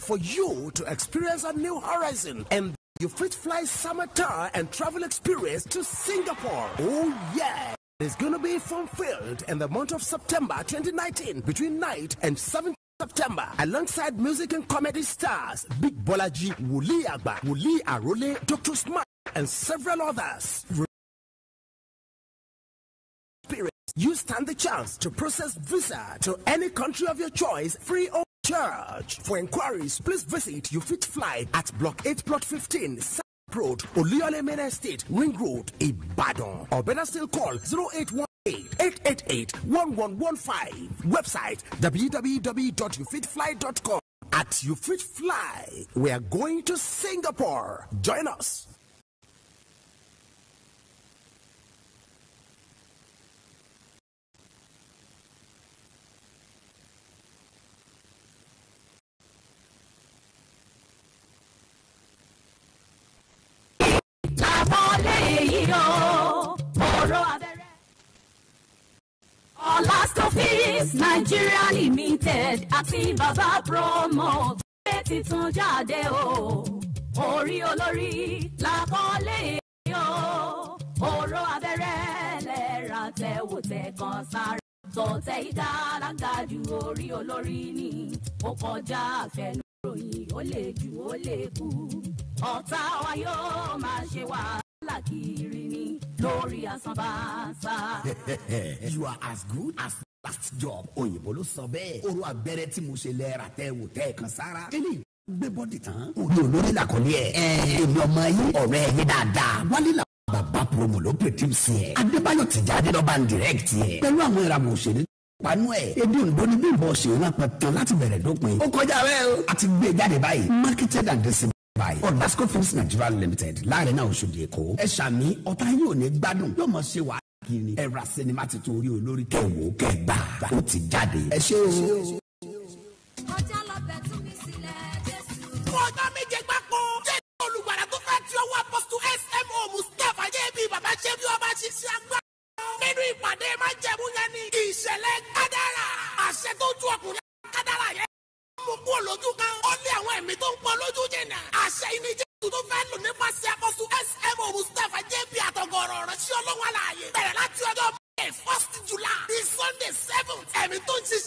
for you to experience a new horizon and your fit fly tour and travel experience to Singapore. Oh yeah! It's gonna be fulfilled in the month of September 2019 between 9th and 7 September, alongside music and comedy stars Big Bolaji, Wuli Agba, Wuli Arole, Dr. Smart, and several others. You stand the chance to process visa to any country of your choice free or charge. For inquiries, please visit You Fit Fly at Block 8, Plot 15. South Road, Oluyole Main Estate, Ring Road, Ibadan. Or better still call 081 888-1115. Website www.youfitfly.com. At Ufitfly, we are going to Singapore. Join us. yìí o ọ̀rọ̀ abẹ́rẹ́. Olastofis Nigeria Limited àti bàbá promo gbé titun jáde o orí olórí làkọ́lé yìí o ọ̀rọ̀ abẹ́rẹ́ lẹ́ra tẹ̀wò tẹ̀ kan sára tọ̀tẹ̀ ìdálágà ju orí olórí ni ó kọjá àfẹnuròyìn ó lè jù ó lè kú ọ̀tá wa yóò máa ṣe wá lákìrì ni lórí àsanbáṣá. you are as good as last job òyìnbó ló sọ bẹ́ẹ̀ oru abẹ́rẹ́ tí mo ṣe lẹ́ẹ̀rà tẹ́ wò tẹ́ kan sára. kíni gbé bọ́dì tán òní olórí làkọ́lé ẹ̀ eh. èmi ọmọ yín ọ̀rẹ́ yín dáadáa wálé là bàbá promo ló produce ẹ̀ adébáyọ̀ tìjáde lọ́ba ń direct ẹ̀ pẹ̀lú àwọn ìràwọ̀ òṣèré panu ẹ ebi òyìnbó ni bí ìbọn ṣe ń rán pẹ̀tàn láti bẹ̀rẹ̀ dópin ó kọjá rẹ o àti gbé e jáde báyìí marketed and distributed by Onasco Films Nigeria Limited láàrin náà Òṣòdì Èkó ẹ ṣàmì ọ̀tá yóò ní gbádùn yóò mọ̀ ṣe wà kiri ẹ ra sinimá titun orí olórí kẹwò kẹgbà ó ti jáde ẹ ṣé o. ọjà lọ bẹ tún mi sílẹ̀ Jésù. ọjọ́ méje gbáko jẹ́ olùgbàlà tó fẹ́ tí ọwọ́ apọ́sítù smo Mustapha jẹ́ bí bàbá ṣe bí ọba ṣiṣẹ́ agbára nínú ìpàdé máa jẹ́. wà láàyè bẹ̀rẹ̀ láti ọjọ́ Monday first July di Sunday seventh ẹ̀mí tó ń ṣiṣẹ́.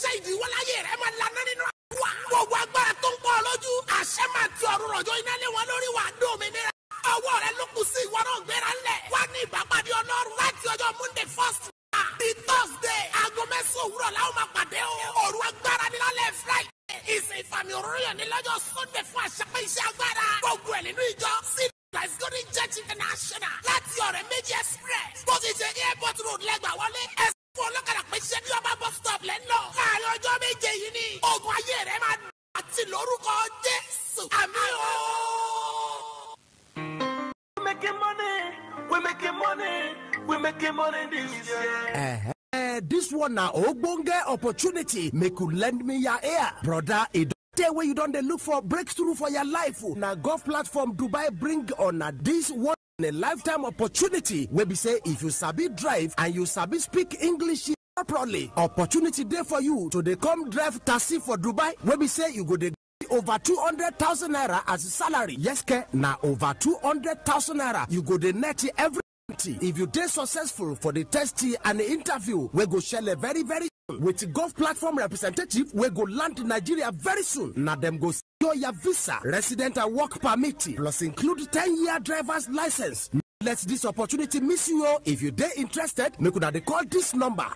make you lend me your ear brother it Day where you don't look for breakthrough for your life. Now, golf platform Dubai bring on a this one a lifetime opportunity. Where we say if you sabi drive and you sabi speak English properly, opportunity there for you to they come drive taxi for Dubai. Where we say you go they over 200,000 naira as salary. Yes, ke, over 200,000 naira. You go the net every if you dey successful for the test and the interview wey go a very very soon with golf platform representative wey go land nigeria very soon na dem go secure your visa resident and work permit plus include ten year drivers license. no let dis opportunity miss you all. Oh. if you dey interested make sure they call this number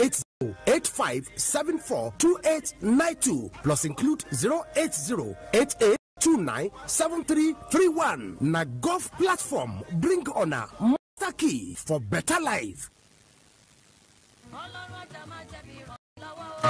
080 85742892 plus include 080 297331 na golf platform bring honor Taki for better life.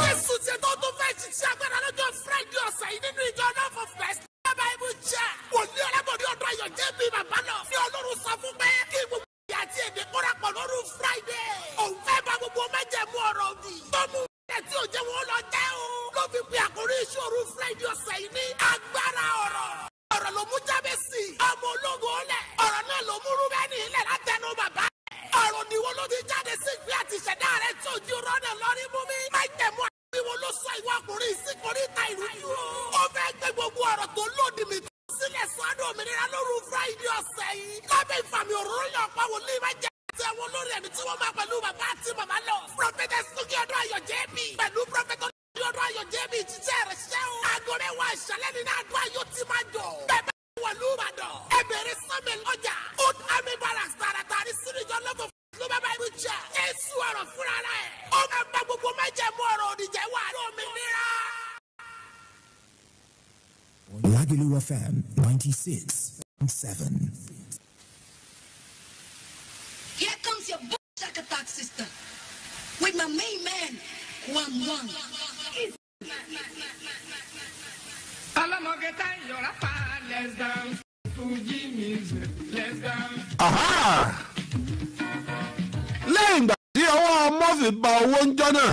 Jésù ti tó tún fẹ́ ṣiṣẹ́ agbára lọ́jọ́ Friday ọ̀sẹ̀ yìí nínú ìjọ náà for first bàbá ibú jẹ́. Wòlíì ọlábọ̀dé ọ̀dọ́ ayọ̀ jẹ́ bí bàbá náà. Ní Ọlọ́run sọ fún pé kí gbogbo ìyá àti èdè kóra pọ̀ lóru Friday. Òun fẹ́ bá gbogbo májẹ̀mú ọ̀rọ̀ òdì. Tó mú tí ò jẹ́ wọn lọ jẹ́ o. Ló fi pe àkórí ìṣòro Friday ọ̀sẹ̀ yìí ní agbára ọ̀rọ̀ ọ̀rọ̀ ló mú jábẹ́sì ọmọ ológo lẹ̀ ọ̀rọ̀ náà ló mú rúbẹ́nì ilẹ̀ látẹnu bàbá rẹ̀ ọ̀rọ̀ níwọ̀n ló ti jáde sí ìgbé àti ìṣẹ̀dá rẹ̀ tó ju rọ́nà lọ́rí mú mi má jẹ̀mú àríwó ló sọ ìwọ ọkùnrin ìsìnkúrí ta ìrújú ó fẹ́ gbé gbogbo ọ̀rọ̀ tó lòdì mi tó sílẹ̀ sọ́dọ̀ òmìnira lóru friday ọ̀sẹ̀ yìí lábẹ́ ìfàmì òróró yàn pa wòlíì má jẹ́ àti àwọn olórí ẹ̀mí tí wọ́n máa pẹ̀lú bàbá àti màmá lọ. prọfẹ̀tẹ̀ sókè ọdún ayọ̀ jẹ́ bí pẹ̀lú prọfẹ̀tẹ̀ ọdún ayọ̀ jẹ́bi ìjíṣẹ́ rẹ̀ ṣẹ́ o. aago mẹ́wàá ìṣẹ̀lẹ̀ nínú àdúrà yóò ti máa jọ. bẹ́ẹ̀ wọ̀lú ìbàdàn. ẹ bẹ̀rẹ̀ sọ́mẹ̀lì old army barracks tààràtà ní sídìjọ́ lọ́gbọ̀n ló bá bá ibi jẹ́. jésù ọ̀rọ̀ fúnra rẹ̀. ó máa bá gbogbo májẹ̀mú ọ̀rọ̀ òdìjẹ́ wà lómìnira. Lagelu FM ninety six point seven. Here comes your bullshit attack system with my main man, Wang Wang. lẹ́yìn ìgbà tí ọwọ́ mọ́fì ba owó ń jọ́nà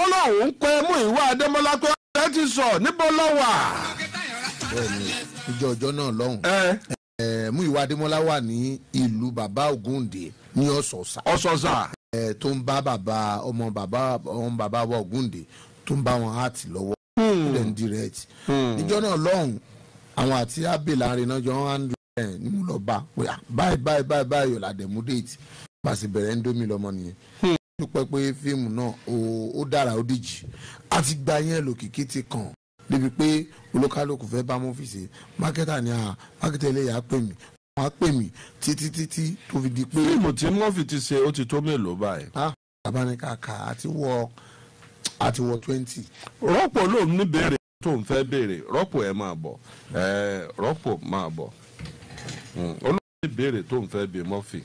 ó lóun ń pẹ́ mú ìwà adémọ́lá pé ẹ ti sọ níbo ló wà. bẹ́ẹ̀ni ìjọ ọjọ́ náà lọ́hùn mú ìwà adémọ́lá wà ní ìlú bàbá ògúndé ní ọ̀sọ̀ọ̀sà. ọ̀sọ̀ọ̀sà. tó ń bá bàbá ọmọ bàbá ọmọ bàbá ògúndé tó ń bá wọn hàtì lọ́wọ́ good hmm. and direct hmm. níjọ́ náà lọ́hùn àwọn àti abe láàrin náà jọ ń rẹ̀ ní mo lọ bá báyìí ah, báyìí báyìí báyìí yóò làdẹ̀ mú déètì bá a sì bẹ̀rẹ̀ ń dómi lọ́mọ nìyẹn hmm. dúpẹ́ pé fíìmù náà ó dára ó díjì àti gba yẹn lòkìkí ti kàn débi pé olókàlùkù fẹ́ bá mú fìsè mákẹ́tà ni à ah, mákẹ́tà eléyà pè mí wọ́n á pè mí títí títí tó fi di pé. fíìmù tí mọ́fì ti ṣe ó ti tó mélòó báyìí. Ah, a bàbá ní kàkà àti wọ ọkọ̀ àti wọ twenty. rọ́pò lòun níbèrè tó ń fẹ́ béèrè rọ́pò ẹ̀ máa bọ̀ rọ́pò máa bọ̀ Ẹkụ hmm, níbèrè tó ń fẹ́ mọ́fì.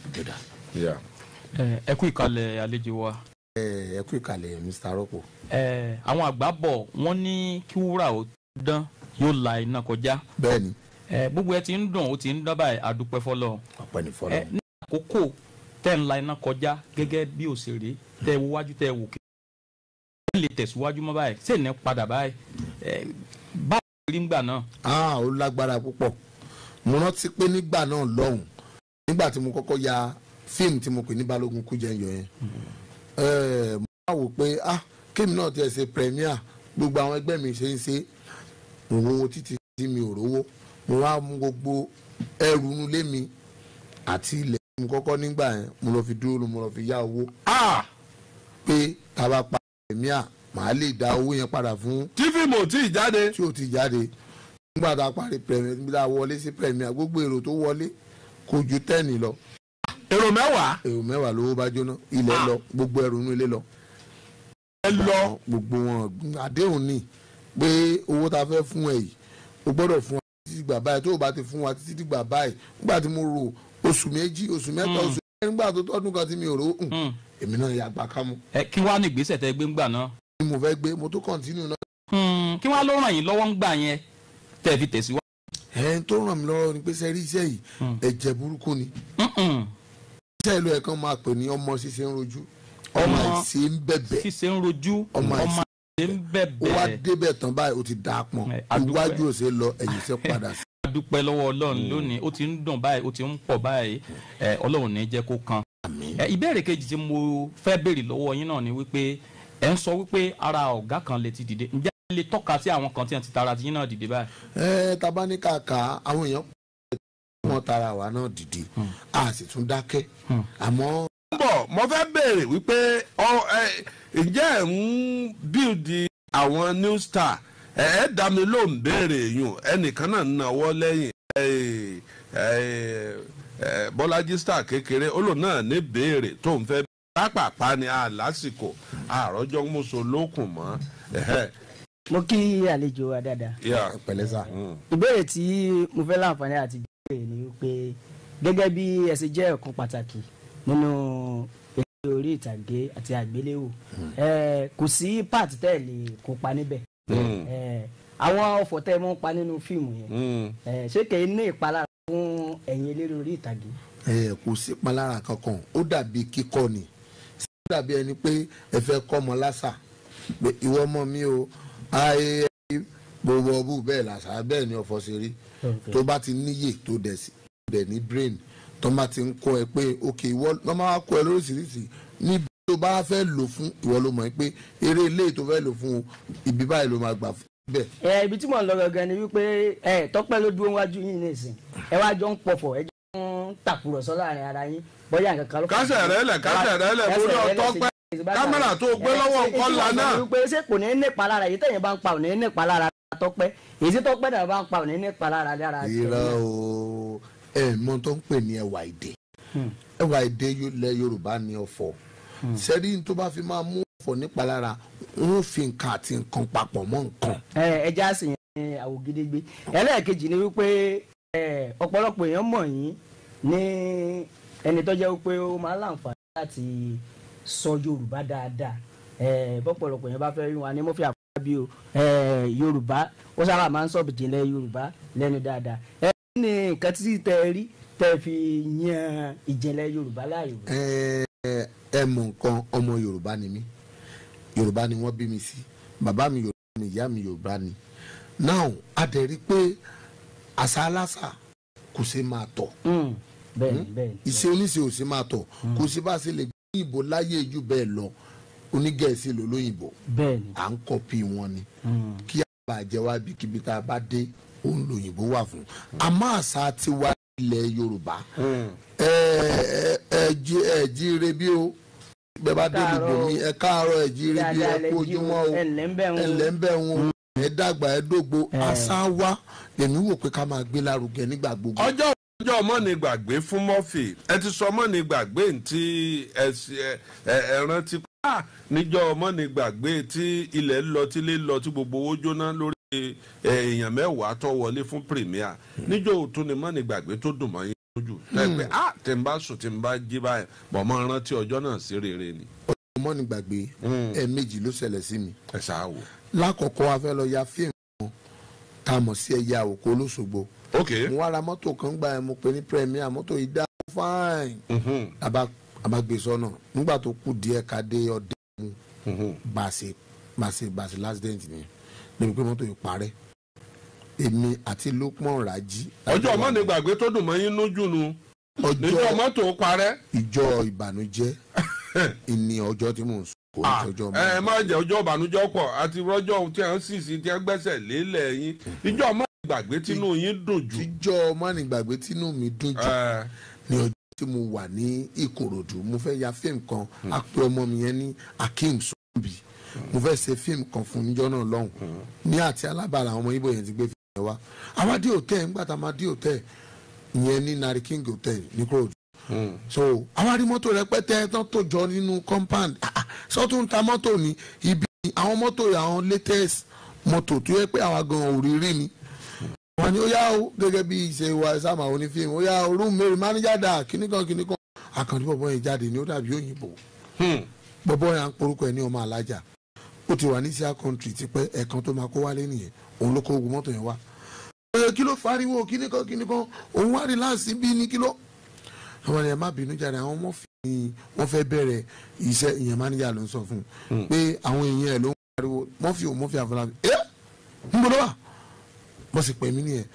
ẹ kú ìkàlẹ̀ àlejò wa. ẹ kú ìkàlẹ̀ Mr. rọ́pò. àwọn àgbà bọ̀ wọ́n ní kí wúrà ó dán yóò la iná kọjá. gbogbo ẹ ti ń dùn ó ti ń dábàá báyìí àdúpẹ́ fọlọ. ọpẹ́ ní ní àkókò tẹ́ ń la iná kọjá gẹ́gẹ́ bí òṣèré tẹ́ wájú tẹ́ wò kí lè tẹ̀síwájú mọ́ báyìí ṣé ní padà báyìí báyìí rí ngbà náà. ah ó lágbára púpọ̀ mo rántí pé nígbà náà lọ́hùn nígbà tí mo kọ́kọ́ ya fíìmù tí mo pè ní balógun kújẹyọ yẹn mo máa wò pé ah kémi náà tiẹ̀ ṣe premier gbogbo àwọn ẹgbẹ́ mi ṣe ń ṣe òwò títí tí mi ò rówó mo wá mú gbogbo ẹrù nulé mi àti ilẹ̀ mo kọ́kọ́ nígbà yẹn mo lọ fi dúró mo lọ fi yá owó ah pé tá bá pa èmi à màá lè dá owó yẹn padà fún. tí fíìmù tí ì jáde. tí ò ti jáde nígbà tá a parí premier níbi tá a wọlé sí premier gbogbo èrò tó wọlé kò ju tẹ́ẹ̀nì lọ. èrò mẹ́wàá. èrò mẹ́wàá lówó bá jóná ilẹ̀ lọ gbogbo ẹrù inú ilé lọ. ẹ lọ. gbogbo wọn àdéhùn ni pé owó tá a fẹ́ fún ẹ yìí o gbọ́dọ̀ fún wa títí dìgbà báyìí tó o bá ti fún wa títí dìgbà báyìí nígbà tí mo rò oṣù méjì oṣù mẹ́ta hmm. oṣù mẹ́rin nígbà tó tọ́dún kan tí mi ò rò hmm, hmm èmi náà yà gbà kámú. ẹ kí wàá ní ìgbésẹ̀ tẹ gbé ńgbà náà. ni mo fẹ́ gbé mo tó kọ̀ntínú náà. kí wàá ló ràn yín lọ́wọ́ ńgbà yẹn tẹ́ fi tẹ̀síwájú. ẹ ń tó ràn mí lọ́wọ́ ni pé sẹ́rí iṣẹ́ yìí hmm. ẹ̀jẹ̀ burúkú ni. iṣẹ́ ìlú ẹ̀ kan máa pè ní ọmọ ṣíṣe ń rojú ọmọ àìsè ń bẹ̀bẹ̀ ṣíṣe ń rojú ọmọ àìsè ń bẹ̀bẹ̀ wá débẹ̀ tán báyìí ó ti dà pọ̀n iwájú òsè lọ ẹ̀yìn sẹ́ padà sí. a dúpẹ́ lọ́wọ́ ọlọ́run hmm. lónìí ó ti ń dùn báyìí ó ti ń pọ̀ báyìí ọlọ́run ní jẹ́ kó kan ìbéèrè kejì tí mo fẹ́ béèrè lọ́wọ́ yín náà ni wípé ẹ̀ ń sọ wípé ara ọ̀gá kan lè ti dìde ǹjẹ́ ẹ lè tọ́ka sí àwọn kan tí wọ́n ti tara ti yín náà dìde báyìí. ẹ taba ní kàkà àwọn èèyàn wọn tara àwa náà dìde hmm. a sì tún dákẹ́ hmm. àmọ́. bọ̀ mo fẹ́ béèrè wípé ǹjẹ́ ẹ̀ ń bíldì àwọn new star ẹ̀ ẹ́ dá mi lóhùn béèrè yùn ẹnìkan náà ń náwó lẹ́yìn Eh, Bọ́lájí star kékeré ó lò náà ní béèrè tó ń fẹ́ pápápá ni a lásìkò àròjọ mọ́sọ lókun mọ́ mo kí àlejò wa dáadáa pẹ̀lẹ́ sá mm. ìbéèrè tí mo fẹ́ láǹfààní àti béèrè ni wípé gẹ́gẹ́ bí ẹ ṣe jẹ́ ọ̀kan pàtàkì nínú eré orí ìtàgé àti àgbéléwò mm. eh, kò sí pàtì tẹ́ẹ̀lì kópa níbẹ̀ mm. eh, àwọn ọ̀fọ̀ tẹ́ ẹ mọ́ pa nínú fíìmù yẹn hmm. ṣé kẹ́ ẹ ní ìpalára fún ẹ̀yin eléré orí ìtàgé. ẹ kò sí ìpalára kankan ó dàbí kíkọ́ ni ó dàbí ẹni pé ẹ fẹ́ kọ́ ọmọ lásà ìwọ ọmọ mi o ayé gbogbo ọbú bẹ́ẹ̀ làṣà bẹ́ẹ̀ ni ọ̀fọ̀ ṣe rí tó bá ti níyè tó dẹ̀ sí ibẹ̀ ní brain tó bá ti ń kọ́ ẹ pé ok ìwọ lọ́ máa kọ́ ẹ lóríṣiríṣi níbi tó bá fẹ́ lò fún ìwọ ló mọ̀ pé eré ilé tó fẹ́ lò fún ibi báyìí ló máa gbà fún ẹ ibi tí mò ń lọ gangan ni wípé ẹ tọpẹ ló dúró wájú yín nísìn ẹ wá jọ ń pọ̀fọ̀ ẹ jọ ń tàkùrọ̀sọ láàrin ara yín bóyá nǹkan kan ló. kásẹ̀ rẹ lẹ̀ kásẹ̀ rẹ lẹ̀ borí ọtọ́ kámẹ́rà tó gbé lọ́wọ́ kọ́lá náà. wípé ṣé kò ní nípa lára èyí tẹ̀yìn bá ń pa ò ní nípa lára tọpẹ́ èyí tọpẹ́ náà bá ń pa ò ní nípa lára dára. ìrà o ẹ mọ tó ń pè ní ẹwà èdè hmm. ẹwà èdè ilẹ̀ Yorùbá ni ọ̀fọ̀ sẹ́rí hmm. tó bá fi máa mú pọ̀ nípalára wọn ò fi nǹkan àti nǹkan papọ̀ mọ́ nǹkan. ẹ ẹ já sí yẹn àwògedegbe ẹlẹ́ẹ̀kejì ni wípé ọ̀pọ̀lọpọ̀ èèyàn mọ̀ yín ní ẹni tó jẹ́ wípé ó máa láǹfààní láti sọ Yorùbá dáadáa bọ́pọ̀lọpọ̀ yẹn bá fẹ́ rí wọn ni mo fi àfọwọ́ bí o Yorùbá ó sábà máa ń sọ̀bìjìnlẹ̀ Yorùbá lẹ́nu dáadáa ẹ ní nǹkan tí tẹ rí tẹ fi yan ìjìnlẹ̀ Yorùbá láàyò. ẹ ẹ mọ nǹkan ọmọ Yorùbá ni mí yorùbá ni wọ́n bí mi sí bàbá mi yorùbá ni ìyá mi yorùbá ni now a dẹ̀ rí pé àṣà aláṣà kò ṣe máa tọ̀ hmm. Hmm? ìṣe oníṣe ò ṣe máa tọ̀ hmm. kò ṣe bá ṣe lè gbé ìbò láyé jù bẹ́ẹ̀ lọ onígẹ̀ẹ́sì lólóyìnbó à ń kọ́pì wọn ni kí a bá jẹ wá bí kíbi tá a bá dé òun lòyìnbó wà fún àmọ́ àṣà tiwa ilẹ̀ yorùbá ẹ̀ẹ́dì rẹ bí o bẹ́ẹ̀ dé bomi mi ẹ káàárọ̀ ẹ jíire bí ẹ kú ojúmọ́ o ẹlẹ́ńbẹ̀ ń wo mm. ẹ dàgbà ẹ dógbó àṣà wa lèmi wò pé ká máa gbé lárugẹ nígbà gbogbo. ọjọ́ ọjọ́ mọ́nìgbàgbé fún mọ́fì ẹ ti sọ mọ́nìgbàgbé tí ẹ rántí pa ah, níjọ́ mọ́nìgbàgbé tí ilẹ̀ ń lọ tí ilé ń lọ tí gbogbo owó jóná lórí èèyàn mẹ́wàá tó wọlé fún premier hmm. níjọ́ òtún ni mọ́nìgbàgbé tó dùn mọ́ yín lójú pẹ́ẹ́pẹ́ hmm. ah tí n bá sùn tí n bá jí báyìí bọ̀ mọ́ rántí ọjọ́ náà sí rere ni. ọ̀rọ̀ mọ́ ni gbàgbé hmm. ẹ̀ẹ̀mejì ló ṣẹlẹ̀ sí mi. ẹ ṣáàwò. lákọ̀ọ́kọ́ a fẹ́ lọ ya fíìmù kan tá a mọ̀ sí ẹ̀yà òkú olóṣogbo. ok mo wá ra mọ́tò kan gba ẹ̀ mo pè ní premier mọ́tò yìí dá fáìn. àbágbèsọ́nà hmm. nígbà tó kù díẹ̀ ká dé ọdẹ mu gbàṣe gbàṣe gbàṣe last dent ni níbi pé mọ́tò yìí parẹ́ èmi àti Lukman Raji. ọjọ́ mọ́ni gbàgbé tó dùn mọ́ yín lójú nu níjọ́ mọ́tò parẹ́. ìjọ ìbànújẹ́ ìní ọjọ́ tí mò ń sọ ah, ọjọ́ mọ́. ẹ má jẹ́ ọjọ́ ìbànújẹ́ pọ̀ àti rọ́jọ́ tí a ń sì sí tí a ń gbẹ́sẹ̀ lélẹ̀ yín mm-hmm. ìjọ mọ́ni gbàgbé tínú yín dùn jù. ìjọ mọ́ni gbàgbé tínú mi dùn jù eh. ní ọjọ́ tí mo wà ní Ìkòròdú mo fẹ́ ya fíìmù kan mm. a pè ọmọ mi yẹn ní Akeem Sunbi mm. mo fẹ́ ṣe fíìmù kan fún níjọ́ náà lọ́hùn mm. ní àti Alábà ọmọ Ìgbò yẹn ti gbé wa àwa dé hòtẹ́ẹ̀ nígbà tá a máa dé ní nari king hotel ní hmm. so àwa rí mọ́tò rẹpẹtẹ tán tó jọ nínú compound ah, ah, sọ́tún ta mọ́tò ní ibi àwọn mọ́tò àwọn latest mọ́tò tó yẹ pé àwa gan ni. wọ́n ní ó yá o gẹ́gẹ́ bí ìṣe wa sáàmà onífíìmù ó yá o room mary manager dà kíníkan kíníkan àkàndí bọ̀bọ̀ yẹn jáde ní ó dàbí òyìnbó hmm. bọ̀bọ̀ yẹn ń porúkọ ẹ̀ ti wà ní sia òun ló kó ogun mọ́tò yẹn wá. ọ̀rẹ́ kí ló fariwo kíní kan kíní kan òun wá rí láàsì bí ní kí ló. àwọn èèyàn má bínú jáde àwọn ọmọ fìyìn wọn fẹ́ bẹ̀rẹ̀ iṣẹ́ ìyẹn máníjà ló ń sọ fún un hmm. pé àwọn èèyàn ẹ̀ ló ń pariwo mọ́fì ò mọ́fì àfọlábí ẹ́ ń gbọ́dọ̀ wà mo sì pè mí nìyẹn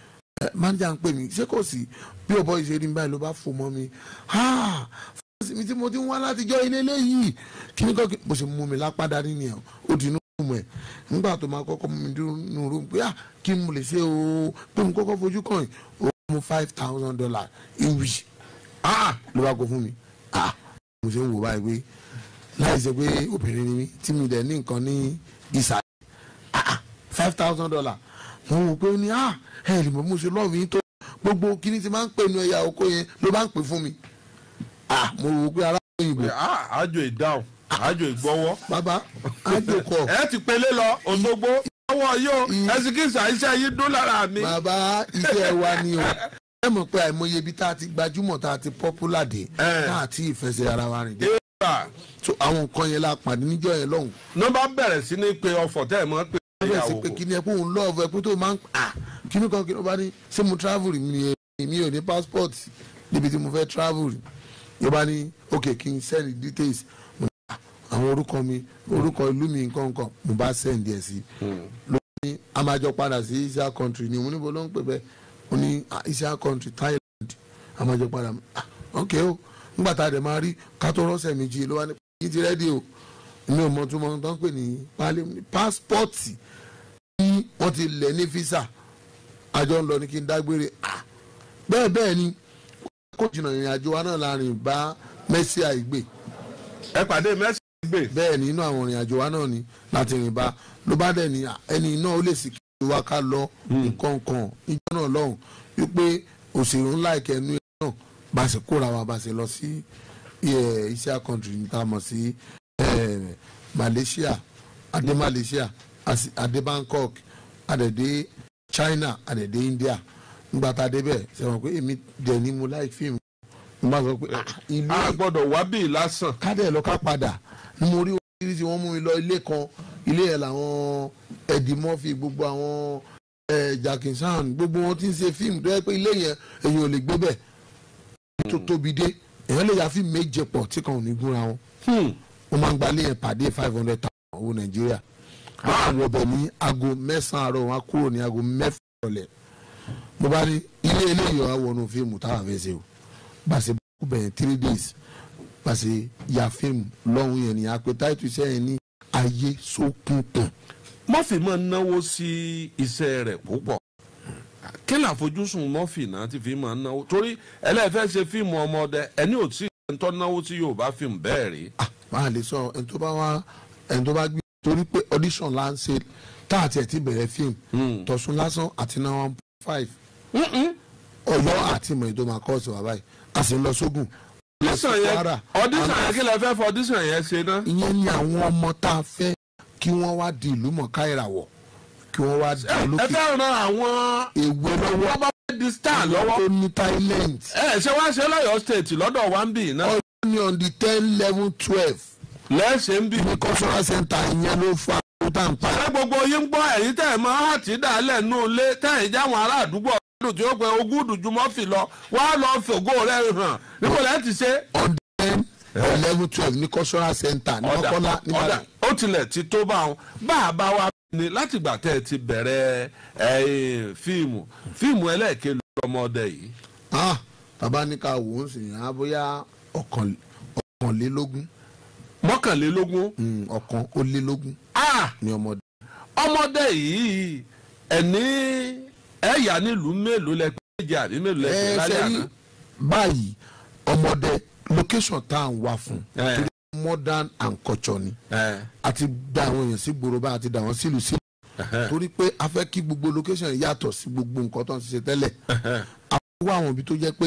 máníjà ń pè mí ṣé kò sí bí ọ̀bọ ìṣeré ń báyìí ló bá fò mọ́ mi mi tí mo ti ń wá látijọ́ ilé léyìí kí ni kò kí mo sì mú mi lápá dání nìyẹn ó dì mọ nígbà tó máa kọ́kọ́ mú mi dúró rú pé à ah, kí n lè ṣe o pé n kọ́kọ́ fojú kàn yín o mú five thousand dollars ìwì ah ló bá kó fún mi ah mo ṣe ń wò báyìí pé láì ṣe pé obìnrin ni mí tí mi dẹ̀ ní nǹkan ní ìsàlẹ̀ ah, ah five thousand dollars mo wò pé ó ní ah ẹ lè mọ̀ mo ṣe lọ́ọ̀mù yín tó gbogbo kíní ti máa ń pè nu ẹ̀yà oko yẹn ló bá ń pè fún mi ah mo wò pé aráàlú òyìnbó. Ah, àjò ìdáhùn àjò ìgbọ́wọ́. bàbá àjò kọ. ẹ ti pele lọ Òṣogbo ọwọ́ yóò mm. ẹsikísà iṣẹ́ yìí dún lára mi. bàbá iṣẹ́ wa ni o ẹ mọ̀ pé àìmọye ibi tá a ti gbajúmọ̀ tá a ti popular dé tá a ti ìfẹsẹ̀ ara wa rìn dé. so àwọn nǹkan yẹn la pàdé níjọ́ yẹn lọ́hùn. nọ́mbà bẹ̀rẹ̀ sí ní pe ọfọ̀ tẹ́ ẹ̀ mọ́ pé ìyàwó. ọ̀rẹ́ sì pé kí ni ẹ kó ń lọ́ọ̀fù ẹ kó tó máa ń à kí ni kan kí ni ó bá ní ṣé mo travel mi ni mi ò ní passport níbi tí mo fẹ́ travel yóò bá ní ok kí n send details àwọn orúkọ mi orúkọ ìlú mi nǹkan kan mo bá sẹ́ǹdì ẹ̀ sí hmm. lónìí a máa jọ padà sí Asia country ni mo níbo ló ń pè bẹ́ẹ̀ ó ní ah, Asia country Thailand a máa jọ padà ah, ok o nígbà tá a dẹ̀ máa rí ká tó rọ́ọ̀sẹ̀ méjì ló wá ní kí ti rẹ́díò mi ò mọ tó mọ tó ń pè ní pásítọ̀tì tí wọ́n ti lẹ̀ ní físà àjọ ń lọ ní kí n dágbére ah, bẹ́ẹ̀ bẹ́ẹ̀ ni kó jìnnà ìrìn àjò wa náà láàrin bá mẹ́sì àìgbè. ẹ pàdé mẹ́sì bẹ́ẹ̀ ni inú àwọn ìrìn àjò wa náà ni láti rìn bá ló bá dẹ̀ ní ẹni náà ó lè sì kí wa ká lọ hmm. nǹkan kan níjọ́ náà lọ́hùn wípé òṣèré ńlá ìkẹnu ẹ̀ náà bá ṣe kóra wa bá ṣe lọ sí iṣẹ́ country níta mọ̀ sí Malaysia adé Malaysia adé Bangkok adẹ̀dé China adẹ̀dé India nígbà tá a débẹ̀ ṣe wọn pé èmi dẹ̀ ni mo láì fíìmù mo bá sọ pé ah, ìlú a gbọ́dọ̀ wá bíi lásán ká dẹ̀ lọ ká padà ni mo rí oríṣiríṣi wọ́n mú mi lọ ilé kan ilé yẹn làwọn Eddie Murphy gbogbo àwọn Jackinson gbogbo wọn ti ń ṣe fíìmù tó yẹ pé ilé yẹn èyàn ò lè gbé bẹ̀ tó tóbi dé èyàn lè ya fíìmù méje pọ̀ tí kan ò ní gúnra wọn wọ́n hmm. máa ń gbalé yẹn pàdé five hundred thousand owó Nàìjíríà àwọn ọbẹ̀ ní aago mẹ́sàn-án àárọ̀ wọn á kúrò ní aago mẹ́fà ìrọ̀lẹ́ mo bá ní ilé eléyìí ọ̀hún wọnú fíìmù táwọn fẹ́ ṣe o bàṣẹ bá kú three days pàṣẹ ya fíìmù lọ́hùn yẹn ni àpè táìtù iṣẹ́ yẹn ní ayé sókun mọ́fì máa náwó sí iṣẹ́ rẹ̀ púpọ̀ kí ni àfojúsùn mọ́fì náà ti fi máa náwó torí ẹlẹ́fẹ́ ṣe fíìmù ọmọdé ẹni ò tí ẹ̀ ń tọ́ náwó sí Yorùbá fíìmù bẹ́ẹ̀ rí. máa lè sọ ẹni tó bá wá ẹni tó bá gbé torí pé audition la ń ṣe tá àti ẹ̀ ti bẹ̀rẹ̀ fíìmù hmm. tọ̀sùn lásán àti náà five ọ̀yọ́ àti ìmọ̀ ètò máa kọ́ ọ̀sẹ̀ wà báyìí a sì ń lọ sógun ọdísàn yẹn ọdísàn yẹn kí lè fẹ́ fọ ọdísàn yẹn ṣe náà. ìyẹn ni àwọn ọmọ tá a fẹ́ kí wọ́n wá di ìlú mọ̀ká ìràwọ̀ kí wọ́n wá di olókè. ẹ fẹ́ ran àwọn èwe lọ́wọ́ wọ́n bá fẹ́ di star lọ́wọ́. ó ní talent. ẹ ṣé wá ṣe lọ́yọ̀ state lọ́dọ̀ wambi náà. ọdún ni on the ten eleven twelve. lẹ́sẹ̀ ń bí. ní cultural center ìyẹn ló fa ṣé gbogbo yín gbọ́ ẹ̀yin tẹ̀ mọ́ dùn tí ó pẹ ogún dùjúmọ́ fi lọ wá lọ fògo rẹ hàn níbo lẹ́yìn ti ṣe. ọ̀dẹ́n eleven twelve ní cultural center ní mọ́kànlá ní mọ́kànlá. ó tilẹ̀ ti tó bá wọn bá a bá wa ni látìgbà tẹ́ ẹ ti bẹ̀rẹ̀ fíìmù fíìmù ẹlẹ́ẹ̀kẹ́ lọ́mọdé yìí. bàbá ní ká wò ó sì yàn á bóyá ọ̀kànlélógún. mọ́kànlélógún. Mm, ọ̀kan ó lélógún. ní ọmọdé. ọmọdé yìí ẹni ẹ yà nílùú mélòó lẹ pé méje àbí mélòó lẹ pé lálẹ́ àná. báyìí ọmọdé location tá à ń wá fún torí modern and culture ni a ti da àwọn èèyàn sí gbòòrò báyìí a da àwọn sílùú sílùú torí pé a fẹ́ kí gbogbo location yàtọ̀ sí gbogbo nǹkan tó ń ṣe tẹ́lẹ̀ àwọn wá àwọn ibi tó jẹ́ pé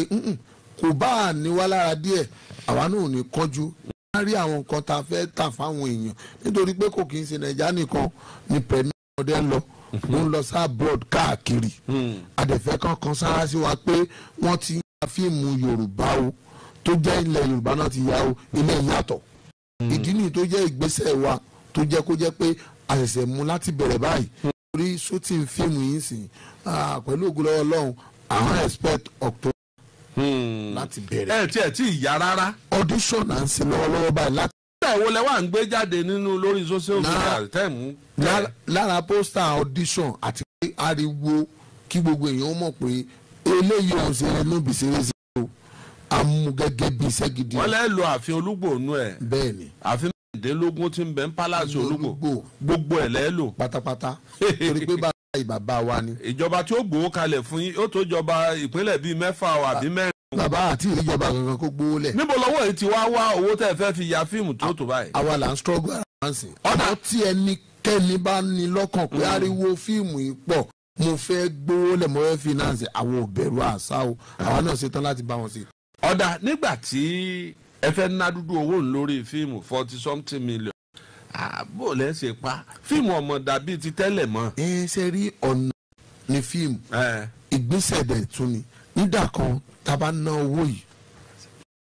kò bá a ní wá lára díẹ̀ àwa náà ò ní kánjú a rí àwọn nǹkan tá a fẹ́ tà fáwọn èèyàn nítorí pé kò kì í ṣe nàìjíríà nìkan ni pẹ̀lú ọdẹ lọ ló ń lọ sá abroad káàkiri àdẹ̀fẹ́ hmm. kan kan sára sí wa pé wọ́n ti ń ya fíìmù yorùbá o tó jẹ́ ilẹ̀ yorùbá náà ti ya o ilé ìyàtọ̀ hmm. ìdí nìyí tó jẹ́ ìgbésẹ̀ wa tó jẹ́ kó jẹ́ pé àṣẹ̀ṣẹ̀ mú láti bẹ̀rẹ̀ báyìí torí shooting fíìmù yìí sìn pẹ̀lú ògùnlọ́wọ́ ọlọ́run àwọn expect october hmm. láti bẹ̀rẹ̀. ẹ tiẹ̀ tí ì yá rárá. audition à ń ṣe lọ́wọ́lọ́wọ́ báyìí láti pósítà ìwo lẹ wà ń gbé jáde nínú lórí social media tẹ́ẹ̀mù. lára pósítà audition àti pé ariwo kí gbogbo èèyàn mọ̀ pé eléyìí ọ̀sẹ̀ rẹ̀ ló bì ṣeré sí o amú gẹ́gẹ́ bí iṣẹ́ gidi. wọ́n lẹ́ lo ààfin olúgbòónú ẹ̀. bẹ́ẹ̀ni. ààfin mẹ́rìndínlógún ti ń bẹ ń pálásì olúgbò gbogbo ẹ̀ lẹ́ lò. pátápátá torí pé bàbá ìbàbá wa ni. ìjọba tí ó gbowó kalẹ̀ fún yín ó tó jọba ìpínlẹ̀ bíi mẹ́fà àbí mẹ́rin bàbá àti ìjọba kankan kó gbówó lẹ̀. níbo lọ́wọ́ yìí ti wá wá owó tẹ́ ẹ fẹ́ fi ya fíìmù tó tó báyìí. àwa là ń struggle ara wa sìn. ọ̀nà tí ẹnikẹ́ni bá ní lọ́kàn pé mm. ariwo fíìmù yìí pọ̀ mo fẹ́ gbówó lẹ̀ mo fẹ́ finance àwọn òbẹ̀rù àṣà o àwa náà ṣetán láti bá wọn sí. ọ̀dà nígbà tí ẹ fẹ́ ná dúdú owó lórí fíìmù forty something million àbò lẹ́ ṣe pa fíìmù ọmọ dàbí ti tẹ́lẹ̀ mọ́. ẹ ṣe rí ọ̀nà ní fíìmù ìgbésẹ̀ dẹ̀ tún ni nígbà kan Taba na bá ná owó yìí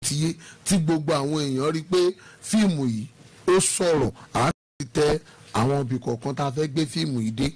tiye tí gbogbo àwọn èèyàn rí pé fíìmù yìí ó sọ̀rọ̀ àá ti tẹ àwọn ibì kọ̀ọ̀kan tá a fẹ́ gbé fíìmù yìí dé